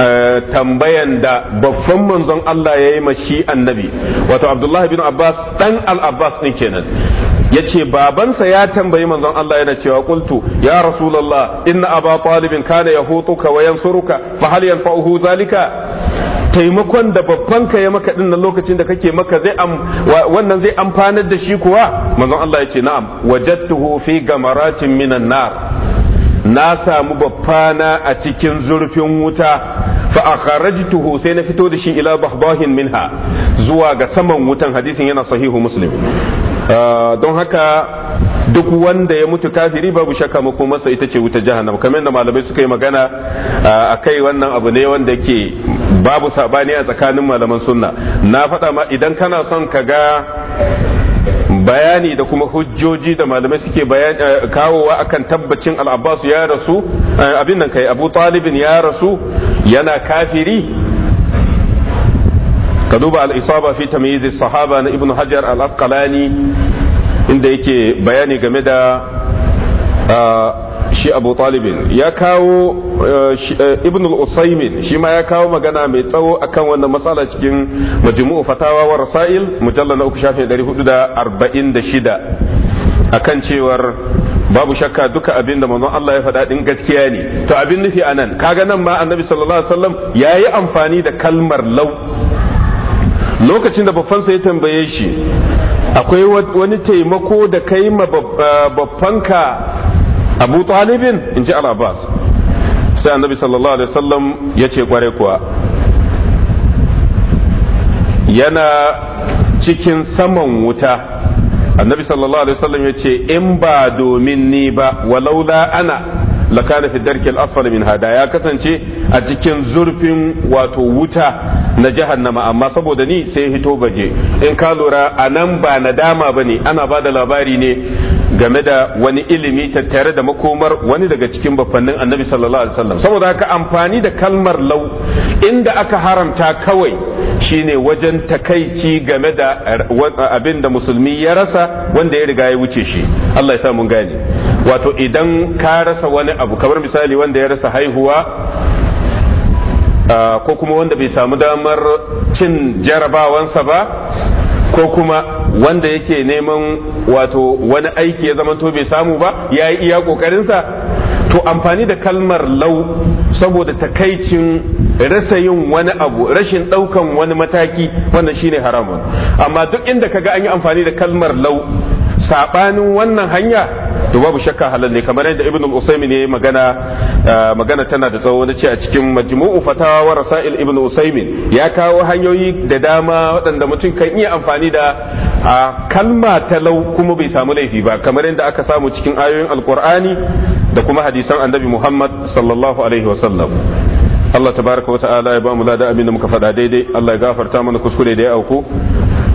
eh, tambayan da babban manzon Allah yayi mashi annabi wato Abdullah bin Abbas dan al-Abbas ne kenan yace babansa ya tambayi manzon Allah yana cewa kultu ya rasulallah inna aba talibin kana yahutuka wa yansuruka fa hal yanfa'uhu zalika taimakon da babban ka ya maka din nan lokacin da kake maka zai am wannan zai amfanar da shi kuwa manzon Allah ya ce na'am wajadtuhu fi gamaratin minan nar na samu babbana a cikin zurfin wuta fa akharajtuhu sai na fito da shi ila bahbahin minha zuwa ga saman wutan hadisin yana sahihu muslim uh, don haka duk wanda ya mutu kafiri babu shakka masa ita ce wuta jahannama kamar da malamai suka yi magana a kai wannan abu ne wanda yake babu sabani a tsakanin malaman sunna na faɗa ma idan kana son ka ga bayani da kuma hujjoji da malamai suke eh, kawowa akan tabbacin al'abbasu ya rasu eh, abin nan kai abu talibin ya rasu yana kafiri ka duba al'isaba fi tamyiz sahaba na ibnu hajar al-asqalani inda yake bayani game da shi abu talibin ya kawo ibn al-usaimin shi ma ya kawo magana mai tsawo akan wannan matsala cikin majmu'u fatawa wa rasail mujallal na uku shafin 446 akan cewar babu shakka duka abin da manzon Allah ya faɗa din gaskiya ne to abin nufi anan kaga nan ma annabi sallallahu alaihi wasallam yayi amfani da kalmar law lokacin da babban sai ya tambaye shi akwai wani taimako da kai ma eh, babbanka abu talibin in ji al'abbas sai annabi sallallahu alaihi wasallam ya ce kware kuwa yana cikin saman wuta annabi sallallahu alaihi wasallam ya ce in ba domin ni ba da ana lakana fi darkil asfali min hada ya kasance a cikin zurfin wato wuta na jahannama amma saboda ni sai hito baje in ka lura a nan ba nadama ne ana ba da labari ne game da wani ilimi tattare da makomar wani daga cikin bafannin annabi sallallahu alaihi wasallam saboda haka amfani da kalmar lau inda aka haramta kawai Shi ne wajen takaici game da er, abin da musulmi ya rasa wanda ya riga ya wuce shi Allah ya sa mun gane wato idan ka rasa wani abu kamar misali wanda ya rasa haihuwa ah, ko kuma wanda bai samu damar cin jarabawansa ba ko kuma wanda yake neman wato wani aiki ya zamanto bai samu ba ya yi iya kokarinsa to amfani da kalmar lau saboda takaicin rasa yin wani abu rashin daukan wani mataki wannan shine haramun amma duk inda kaga an yi amfani da kalmar lau sabanin wannan hanya to babu shakka halal ne kamar yadda ibn usaymin yayi magana eh, magana tana da tsawo ce a cikin majmu'u fatawa wa rasail ibn usaymin ya kawo hanyoyi da dama waɗanda mutum kan iya amfani da kalma ta lau kuma bai samu laifi ba kamar yadda aka samu cikin ayoyin alqur'ani da kuma hadisan annabi Muhammad sallallahu alaihi wa sallam Allah tabaraka wa ta'ala ya ba mu lada abin da muka faɗa daidai Allah ya gafarta mana kuskure da ya auku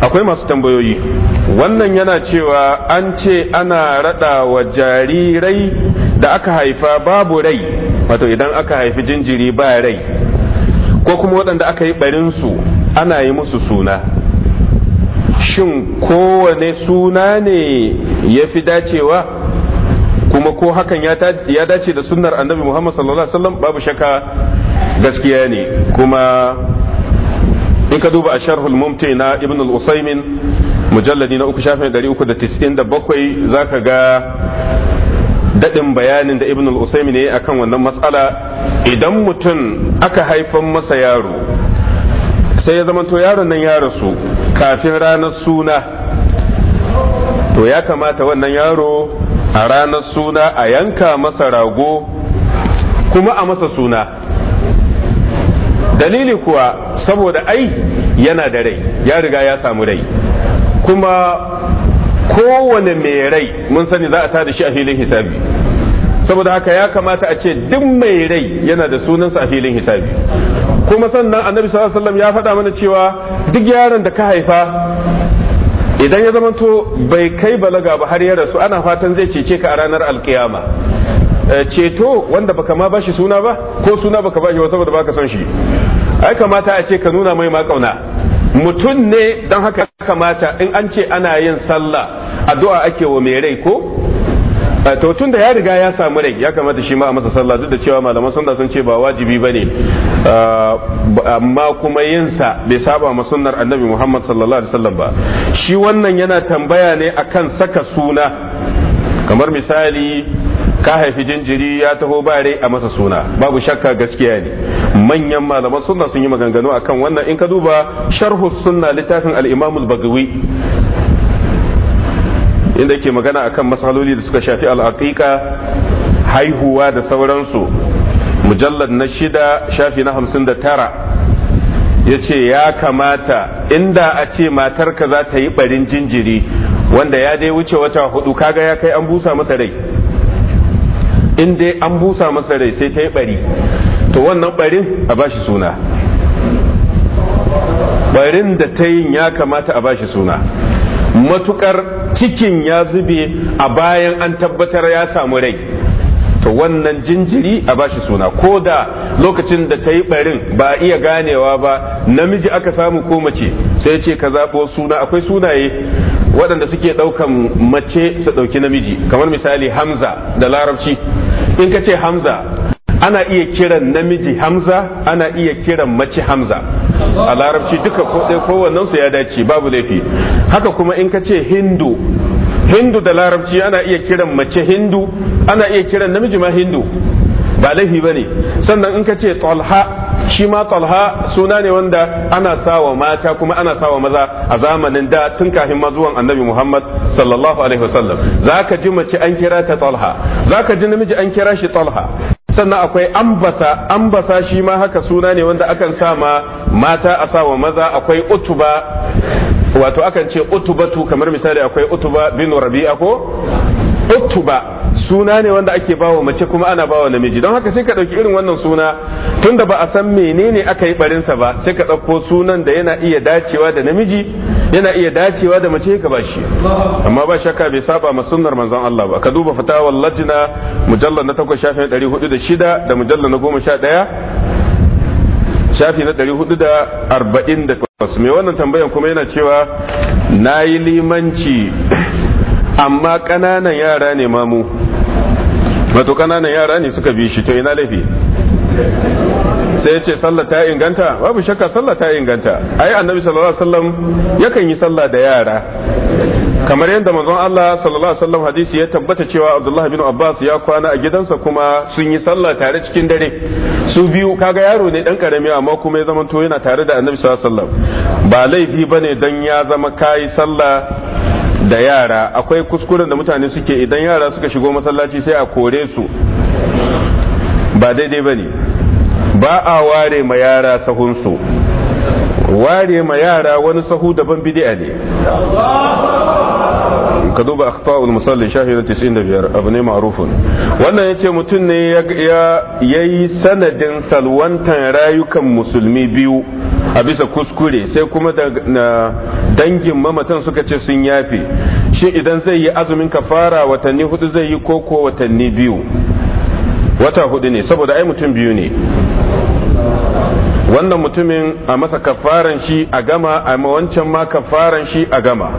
akwai masu tambayoyi wannan yana cewa an ce ana rada wa jarirai da aka haifa babu rai wato idan aka haifi jinjiri ba rai ko kuma waɗanda aka yi su ana yi musu suna shin kowane suna ne ya fi dacewa kuma ko hakan ya dace da sunnar annabi muhammad sallallahu alaihi wasallam babu shakka gaskiya ne kuma in ka duba a sharhul mumti na ibn al-usaymin mujalladi na uku shafin 397 za ka ga daɗin bayanin da ibn al-usaymin ya yi akan wannan matsala idan mutum aka haifan masa yaro sai ya zama yaron nan ya rasu kafin ranar suna to ya kamata wannan yaro a ranar suna a yanka masa rago kuma a masa suna dalili kuwa saboda ai yana da rai ya riga ya samu rai kuma kowane mai rai mun sani za a ta da shi a filin hisabi saboda haka ya kamata a ce duk mai rai yana da sunansa a filin hisabi kuma sannan annabi sallallahu alaihi wasallam ya faɗa mana cewa duk yaron da ka haifa idan ya zama to bai kai balaga ba har ya rasu ana fatan zai cece ka a ranar alkiyama eh, ceto wanda baka ma bashi suna ba ko suna baka bashi ba saboda baka son shi ai kamata a ce ka nuna mai ma kauna mutum ne don haka kamata in an ce ana yin sallah addu'a ake wa mai rai ko to tun da ya riga ya samu rai ya kamata shi ma a masa sallah duk da cewa malaman sunna sun ce ba wajibi ba ne amma kuma yin sa bai saba ma sunnar annabi Muhammad sallallahu alaihi wasallam ba shi wannan yana tambaya ne akan saka suna kamar misali ka haifi jinjiri ya taho bare a masa suna babu shakka gaskiya ne manyan malaman sunna sun yi maganganu akan wannan in ka duba sharhu sunna littafin al-imam al-bagawi inda yake magana akan matsaloli da suka shafi al'aqiqa haihuwa da sauransu Mujallar na shida shafi na hamsin da tara ya ce ya kamata inda a ce matarka za ta yi barin jinjiri wanda ya dai wuce wata hudu kaga ya kai an busa masa rai in dai an busa masa rai sai ta yi bari to wannan barin a bashi suna barin da ta yin ya kamata a bashi suna matukar cikin ya zube a bayan an tabbatar ya samu rai to wannan jinjiri a bashi suna ko da lokacin da ta yi barin ba iya ganewa ba namiji aka samu ko mace sai ce ka zaɓo suna akwai sunaye waɗanda suke ɗaukan mace su ɗauki namiji kamar misali hamza da larabci in ka ce hamza ana iya kiran namiji hamza ana iya kiran mace hamza a larabci duka kowannen su ya dace babu laifi haka kuma in ka ce hindu hindu da larabci ana iya kiran mace hindu ana iya kiran namiji ma hindu ba laifi ba ne sannan in ka ce talha shi ma talha suna ne wanda ana sawa mata kuma ana sawa maza a zamanin da tun kafin mazuwan annabi muhammad sallallahu alaihi wasallam za ka ji mace an kira ta talha za ka ji namiji an kira shi talha sannan akwai ambasa ambasa shi ma haka suna ne wanda akan sa ma mata a sa wa maza akwai utuba wato akan ce utubatu kamar misali akwai utuba bin rabi'a ko utuba suna ne wanda ake bawa mace kuma ana bawa namiji don haka sai ka ɗauki irin wannan suna tunda ba a san menene aka yi barinsa ba sai ka ɗauko sunan da yana iya dacewa da namiji yana iya dacewa da mace ka bashi amma ba shakka bai saba ma sunnar manzon Allah ba ka duba fatawar latina mujallal na 8 shafi 406 da mujallal na 11 shafi na 448 mai wannan tambayan kuma yana cewa na yi limanci amma ƙananan yara ne mamu wato ƙananan yara ne suka bi shi to ina laifi sai ya ce sallah ta inganta babu shakka sallah ta inganta ai annabi sallallahu alaihi wasallam yakan yi sallah da yara kamar yadda manzon Allah sallallahu alaihi wasallam hadisi ya tabbata cewa Abdullah bin Abbas ya kwana a gidansa kuma sun yi sallah tare cikin dare su biyu kaga yaro ne dan karami amma kuma ya zama to yana tare da Annabi sallallahu alaihi wasallam ba laifi bane dan ya zama kai sallah da yara akwai kuskuren da mutane suke idan yara suka shigo masallaci sai a kore su ba daidai bane ba a ware ma yara sahunsu ware ma yara wani sahu daban bid'a ne ka duba akhta'ul musallin shafi 95 abu ne ma'rufun wannan yace mutum ne ya yayi sanadin salwantan rayukan musulmi biyu a bisa kuskure sai kuma da dangin mamatan suka ce sun yafe shi idan zai yi azumin kafara watanni hudu zai yi koko watanni biyu wata hudu ne saboda ai mutum biyu ne wannan mutumin a masa kafaran shi a gama a wancan ma kafaran shi a gama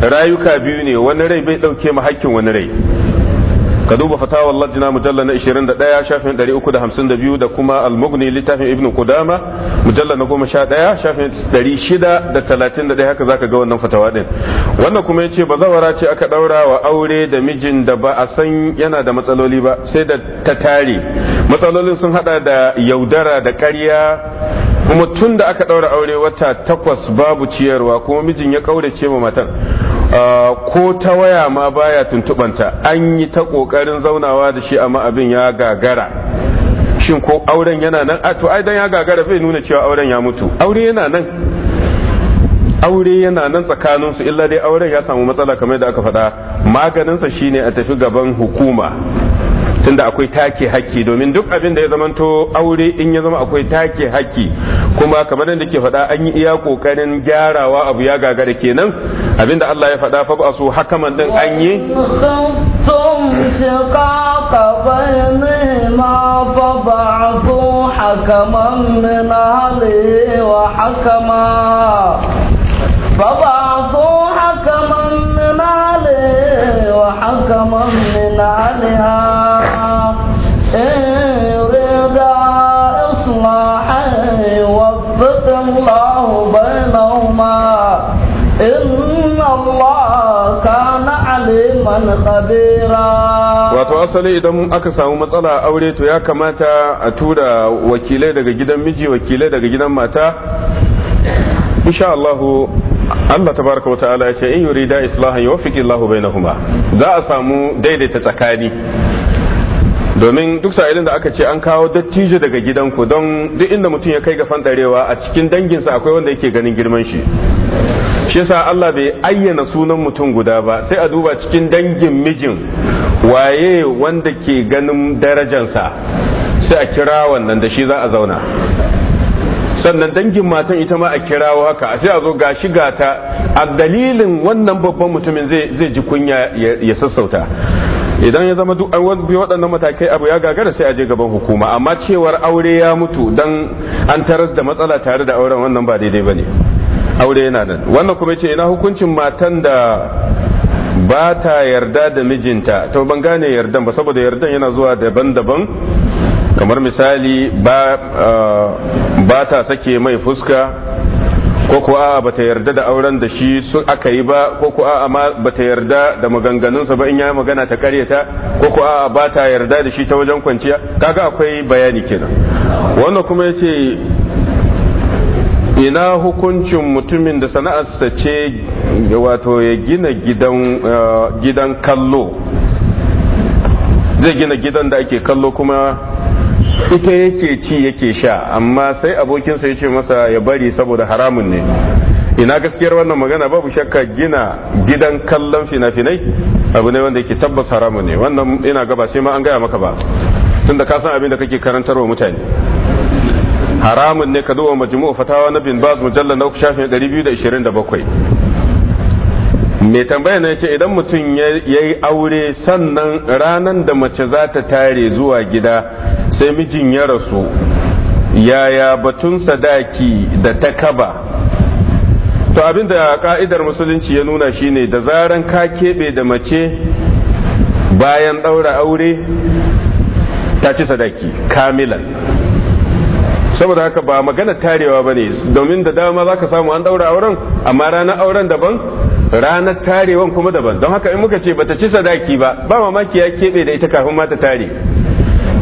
rayuka biyu ne wani rai bai ɗauke ma hakkin wani rai ka duba fatawar lajina mujalla na 21 shafin 352 da kuma almugni littafin ibn kudama mujalla na 11 shafin 631 haka zaka ga wannan fatawa din wannan kuma ya ce yace zawara ce aka daura wa aure da mijin da ba a san yana da matsaloli ba sai da ta tare matsalolin sun hada da yaudara da ƙarya kuma tun da aka ɗaura aure wata takwas babu ciyarwa kuma mijin ya kaurace ma matan ah, ko ta waya ma baya tuntubanta an yi ta kokarin zaunawa da shi amma abin ya gagara shin ko auren yana nan a to ai dan ya gagara bai nuna cewa auren ya mutu aure yana nan aure yana nan tsakanin su illa dai auren ya samu matsala kamar da aka faɗa maganinsa shine a tafi gaban hukuma tunda akwai take hakki domin duk abin da ya zamanto aure in ya zama akwai take hakki kuma kamar da ke faɗa an yi iya kokarin gyarawa abu ya gagara kenan abinda Allah ya faɗa fa ba su hakaman din an yi khabira wato asali idan aka samu matsala a aure to ya kamata a tura wakilai daga gidan miji wakilai daga gidan mata insha Allah Allah tabaraka wata'ala ya ce in yurida islahan yuwaffiqillahu bainahuma za a samu daidaita tsakani domin duk sa'ilin da aka ce an kawo dattijo daga gidanku don duk inda mutum ya kai ga fandarewa a cikin danginsa akwai wanda yake ganin girman shi shi yasa Allah bai ayyana sunan mutum guda ba sai a duba cikin dangin mijin waye wanda ke ganin darajansa sai a kira wannan da shi za a zauna sannan dangin matan ita ma a kirawo haka a sai a zo ga shiga ta a dalilin wannan babban mutumin zai ji kunya ya sassauta idan ya zama duk waɗannan matakai abu ya gagara sai a je gaban hukuma amma cewar aure ya mutu dan an taras da matsala tare da auren wannan ba daidai bane aure yana nan wannan kuma ce ina hukuncin matan da ba ta yarda da mijinta to ban gane yardan ba saboda yardan yana zuwa daban-daban kamar misali ba eh, ta sake mai fuska ko ko a'a bata yarda da auren da shi su aka yi ba ko ko a'a ma bata yarda da maganganunsa ba in ya magana ta karyata ko ko a'a ba ta yarda da shi ta wajen kwanciya kaga akwai bayani kenan wannan kuma yace ina hukuncin mutumin da sana'arsa ce wato ya gina gidan eh, kallo zai gina gidan da ake kallo kuma ita yake ci yake sha amma sai abokinsa ya ce masa ya bari saboda haramun ne ina gaskiyar wannan magana babu shakka gina gidan kallon fina-finai abu ne wanda yake tabbas haramun ne wannan ina gaba sai ma an gaya maka ba tunda ka san abin da kake karantarwa mutane haramun ne ka duba majmu'u fatawa na bin baz mujallal na shafin 227 mai tambaya na ce idan mutum ya yi aure sannan ranar da mace za ta tare zuwa gida sai mijin ya rasu yaya batun sadaki da ta kaba to abinda ka'idar musulunci ya nuna shine da zaran ka keɓe da mace bayan ɗaura aure ta ci sadaki kamilan saboda haka ba magana tarewa ba ne domin da dama za ka samu an ɗaura auren amma ranar auren daban ranar tarewan kuma daban don haka in muka ce bata ci sadaki ba ba mamaki ya keɓe da ita kafin mata tare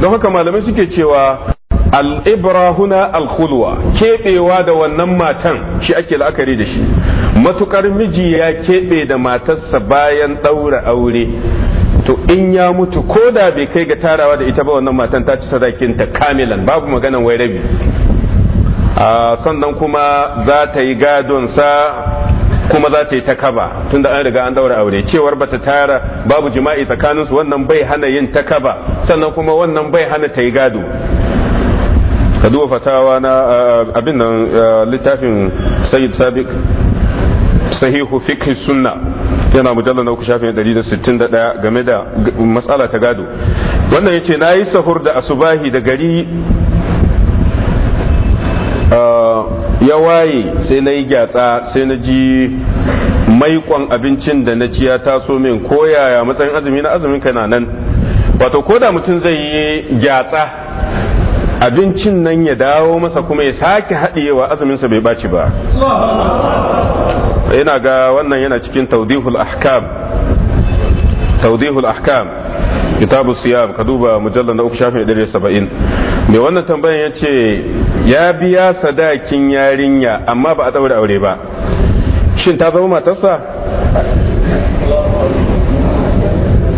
don haka malamai suke cewa al'ibra huna alkhulwa keɓewa da wannan matan shi ake la'akari da shi matukar miji ya keɓe da matarsa bayan ɗaura aure to in ya mutu ko da bai kai ga tarawa da ita ba wannan matan ta ci sadakin ta kamilan babu maganan wai rabi ah, sannan kuma za ta yi gadon sa kuma za ta yi ta kaba tun da an riga an daura aure cewar bata tara babu jima'i tsakaninsu wannan bai hana yin ta kaba sannan kuma wannan bai hana ta yi gado ka duba fatawa na eh, abin nan eh, littafin sayyid sabiq sahihu fiqh sunna yana mujalla na uku shafin 161 game da matsala ta gado wannan yace nayi sahur da asubahi da gari ya waye sai na yi gyatsa sai na ji maikon abincin da na ci ya taso min ko yaya matsayin azumi na azumin kana nan wato ko da mutum zai yi gyatsa abincin nan ya dawo masa kuma ya sake haɗewa azuminsa bai ɓaci ba yana ga wannan yana cikin taudihul ahkam kitabu siyam ka duba mujallar na uku shafin ɗari saba'in mai wannan tambayan ya ce ya biya sadakin yarinya amma ba a daure aure ba shin ta zama matarsa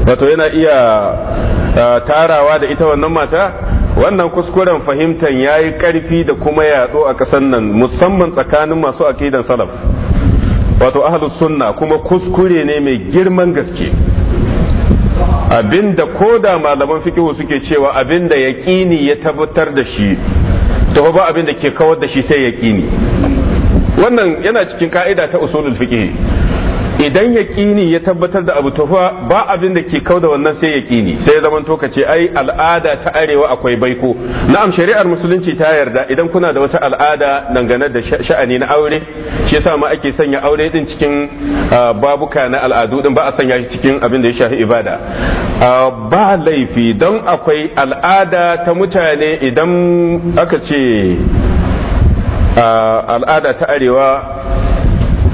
wato yana iya tarawa da ita wannan mata wannan kuskuren fahimtar ya yi ƙarfi da kuma yaɗo a ƙasar nan musamman tsakanin masu akidan salaf wato ahlus sunna kuma kuskure ne mai girman gaske abinda ko da malaman fikihu suke cewa abinda yaqini ya tabbatar da shi to ba abinda ke kawar da shi sai yaqini wannan yana cikin ka'ida ta usulul fiqh idan yaƙini ya tabbatar da abu tufa ba abin da ke kau da wannan sai yaƙini sai ya zama ce ai al'ada ta arewa akwai baiko na'am shari'ar musulunci ta yarda idan kuna da wata al'ada dangane da sha'ani na aure shi yasa ma ake sanya aure din cikin ah, babuka na al'adu din ba a sanya shi cikin abin da ya shafi ibada ah, ba laifi don akwai al'ada ta mutane idan aka ce ah, al'ada ta arewa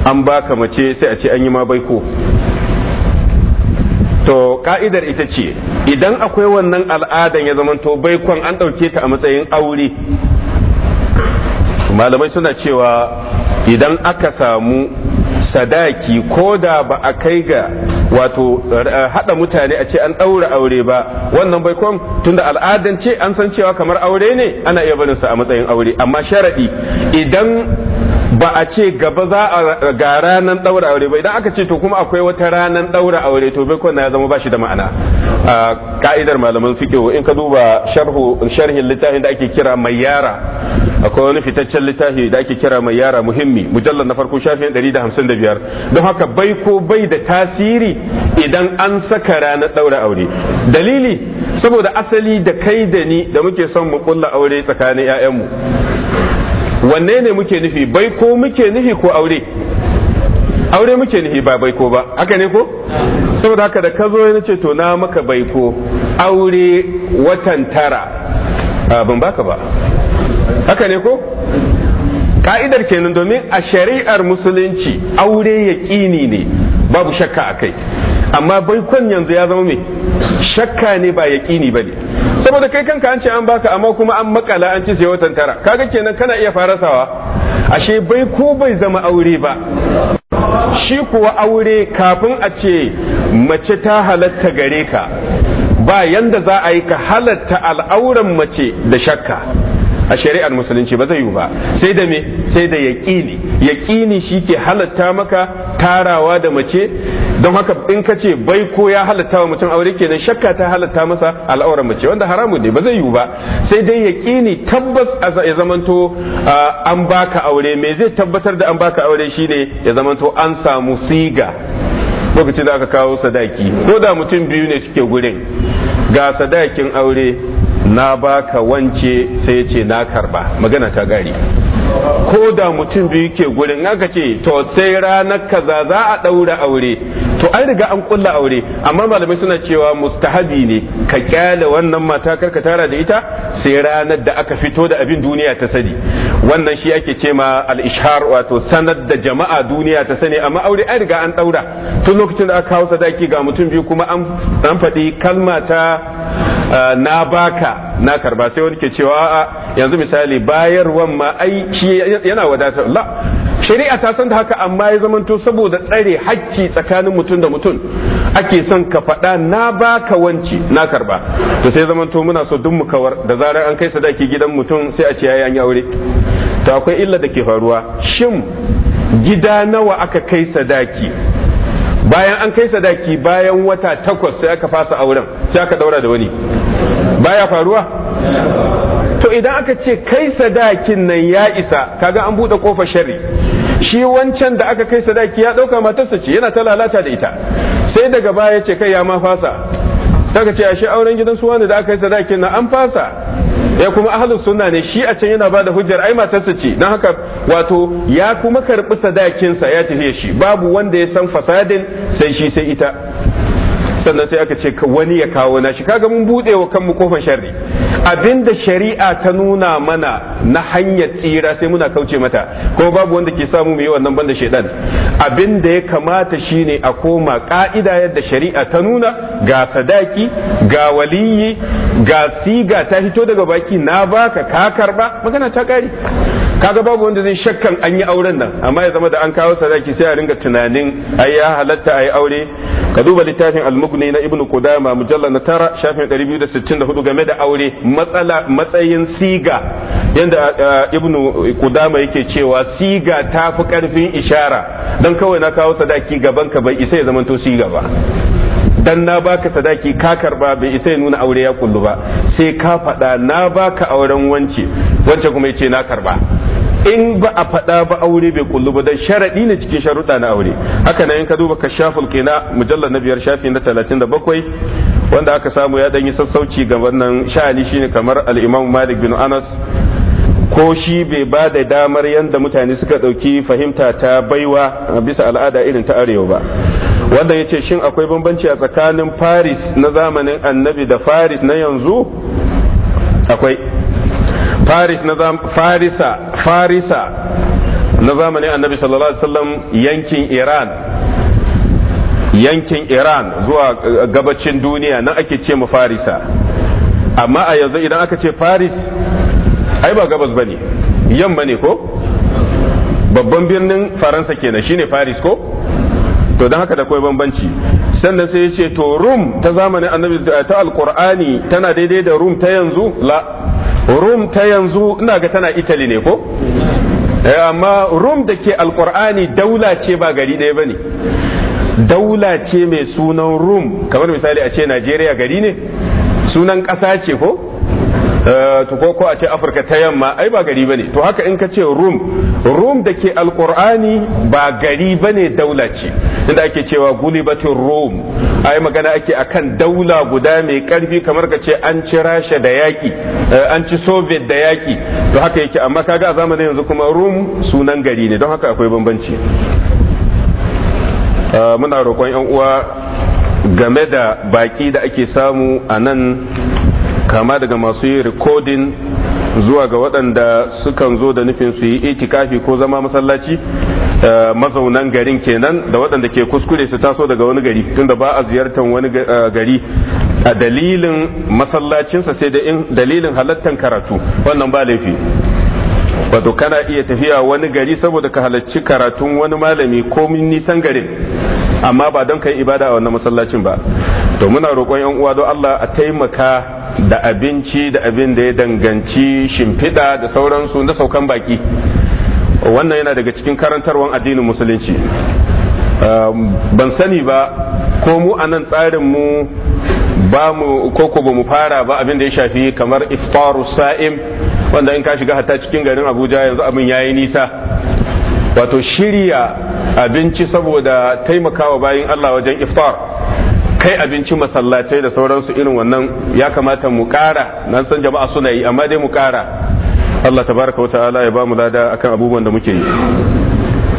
an ba ka mace sai a ce an yi ma baiko to ka'idar ita ce idan akwai wannan al'adan ya zamanto baikon an ɗauke ta a matsayin aure malamai suna cewa idan aka samu sadaki ko da ba a kai ga wato eh, hada mutane a ce an ɗaura aure ba wannan baikon tunda al'adan ce an san cewa kamar aure ne ana iya barinsa a matsayin aure amma sharaɗi idan ba a ce gaba za a ga ranar daura aure ba idan aka ce to kuma akwai wata ranar daura aure to bai kwana ya zama ba shi da ma'ana a ka'idar malaman fiqh in ka duba sharhin littafin da ake kira mayyara akwai wani fitaccen littafi da ake kira mai yara muhimmi mujallar na farko shafin 155 don haka bai ko bai da tasiri idan an saka ranar daura aure dalili saboda asali da kai da ni da muke son mu kulla aure tsakanin 'ya'yanmu wanne ne muke nufi bai ko muke nufi ko aure aure muke nufi ba bai ko ba haka ne ko saboda haka da ka zo ya ce to na maka bai ko aure watan tara ah, ban baka ba haka ne ko ka'idar kenan domin a shari'ar musulunci aure ya kini ne babu shakka a kai amma baikon yanzu ya zama mai shakka ne ba ya kini ba ne saboda kai kanka an ce an baka amma kuma an makala an ci sai watan tara kaga kenan kana iya farasawa ashe bai ko bai zama aure ba shi kuwa aure kafin a ce mace ta halatta gare ka ba yanda za a yi ka halatta al'auran mace da shakka a shari'ar musulunci ba zai yiwu ba sai da me sai da yaqini yaqini shike halatta maka tarawa da mace don haka in ka ce bai ko ya halatta wa mutum aure kenan shakka ta halatta masa al'auran mace wanda haramun ne ba zai yiwu ba sai dai yaqini tabbas ya zamanto an baka aure me zai tabbatar da an baka aure shine ya zamanto an samu siga lokaci da aka kawo sadaki ko da mutum biyu ne suke gurin ga sadakin aure na baka wance sai ce na karba magana ta gari ko da mutum biyu ke gurin aka ce to sai ranar kaza za a ɗaura aure to an riga an kulla aure amma malamai suna cewa mustahabi ne ka kyale wannan mata karka tara da ita sai ranar da aka fito da abin duniya ta sani wannan shi ake ce ma al wato sanar da jama'a duniya ta sani amma aure an riga an ɗaura tun lokacin da aka hausa sadaki ga mutum biyu kuma an faɗi kalma ta na baka na karba sai wani ke cewa a yanzu misali bayarwan ma ai shi yana wadatar la shari'a ta san da haka amma ya zamanto saboda tsare hakki tsakanin mutum da mutum ake son ka faɗa na baka wanci na karba to sai zamanto muna so duk mu kawar da zarar an kai sadaki gidan mutum sai a ce yayi an yi aure to akwai illa da ke faruwa shin gida nawa aka kai sadaki bayan an kai sadaki bayan wata takwas sai aka fasa auren sai aka daura da wani baya faruwa to idan aka ce kai sadakin nan ya isa kaga an buɗe kofar sharri shi wancan da aka kai sadaki ya ɗauka matarsa ce yana ta lalata da ita sai daga baya ya ce kai ya ma fasa daga ce ashe auren gidan su wani da aka kai sadakin nan an fasa ya eh, kuma ahlus sunna ne shi a can yana ba da hujjar ai matarsa ce dan haka wato ya kuma karɓi sadakin sa ya ce shi babu wanda ya san fasadin sai shi sai ita sannan sai aka ce wani ya kawo na shi kaga mun buɗe wa kanmu kofar sharri abinda shari'a ta nuna mana na hanyar tsira sai muna kauce mata ko babu wanda ke samu mu yi wannan banda shedan abinda ya kamata shine a koma ka'ida yadda shari'a ta nuna ga sadaki ga waliyi ga siga ta hito daga baki na baka ka karba magana ta kare kaga babu wanda zai shakkan an yi auren nan amma ya zama da an kawo sadaki sai a ringa tunanin ai ya halatta ai aure ka duba littafin al ne na ibnu kudama mujalla na tara shafin 264 game da aure matsala matsayin siga yadda eh, ibnu kudama yake cewa siga ta fi karfin ishara don kawai na kawo sadaki gaban ka bai isa ya zamanto siga ba dan na baka sadaki ka karba bai isa ya nuna aure ya kullu ba sai ka faɗa na baka auren wance wance kuma yace na karba in ba a faɗa ba aure bai kullu ba dan sharaɗi ne cikin sharuɗa na aure haka nan in ka duba kashaful mujallar na biyar shafi na bakwai. wanda aka samu ya dan yi sassauci ga wannan sha'ani shine kamar al-Imam Malik bin Anas ko shi bai ba da damar yadda mutane suka ɗauki fahimta ta baiwa bisa al'ada irin ta arewa ba wanda ya ce shin akwai bambanci a tsakanin faris na zamanin annabi da faris na yanzu akwai faris na farisa farisa na zamanin annabi sallallahu alaihi wasallam yankin iran yankin iran zuwa eh, gabacin duniya nan ake ce mu farisa amma a yanzu idan aka ce faris ai ba gabas ba ne yamma ne ko babban birnin faransa kenan shine faris ko to don haka da kawai bambanci sannan sai ya ce to rum ta zamanin annabi eh, ta alkur'ani tana daidai da rum ta yanzu la rum ta yanzu ina ga tana italy ne ko eh, amma rum da ke alkur'ani daula ce ba gari ɗaya ba ne daula ce mai sunan rum kamar misali a ce najeriya gari ne sunan ƙasa ce ko Eh, to ko a ce afirka ta yamma ai ba gari bane to haka in ka ce rum rum da ke alkur'ani ba gari bane daula ce inda ake cewa guli gulibatin rum ai magana ake akan daula guda mai karfi kamar ka ce an ci rasha da yaki eh, an ci soviet da yaki to haka yake amma kaga a zamanin yanzu kuma rum sunan gari ne don haka akwai bambanci eh, muna roƙon 'yan uwa game da baƙi da ake samu a nan kama daga masu yi rikodin zuwa ga waɗanda sukan zo da nufin su yi itikafi ko zama masallaci eh, mazaunan garin kenan da waɗanda ke kuskure su taso daga wani gari tunda ba a ziyartar wani eh, gari a dalilin masallacinsa sai da dalilin halattan karatu wannan ba laifi wato kana iya tafiya wani gari saboda ka halarci karatun wani malami ko nisan garin amma ba don ka yi ibada a wannan masallacin ba to muna roƙon yan uwa don Allah a taimaka da abinci da abin da ya danganci shimfiɗa da sauransu na saukan baki wannan yana daga cikin karantarwar addinin musulunci ban sani ba ko mu anan tsarin mu. ba mu koko ba mu fara ba abin da ya shafi kamar iftaru sa'im wanda in ka shiga hatta cikin garin abuja yanzu abin yayi nisa wato shirya abinci saboda taimakawa bayin allah wajen iftar kai abinci masallatai da sauransu irin wannan ya kamata mu kara nan san jama'a suna yi amma dai mu kara allah tabaraka wa ta'ala ya ba mu lada akan abubuwan da muke yi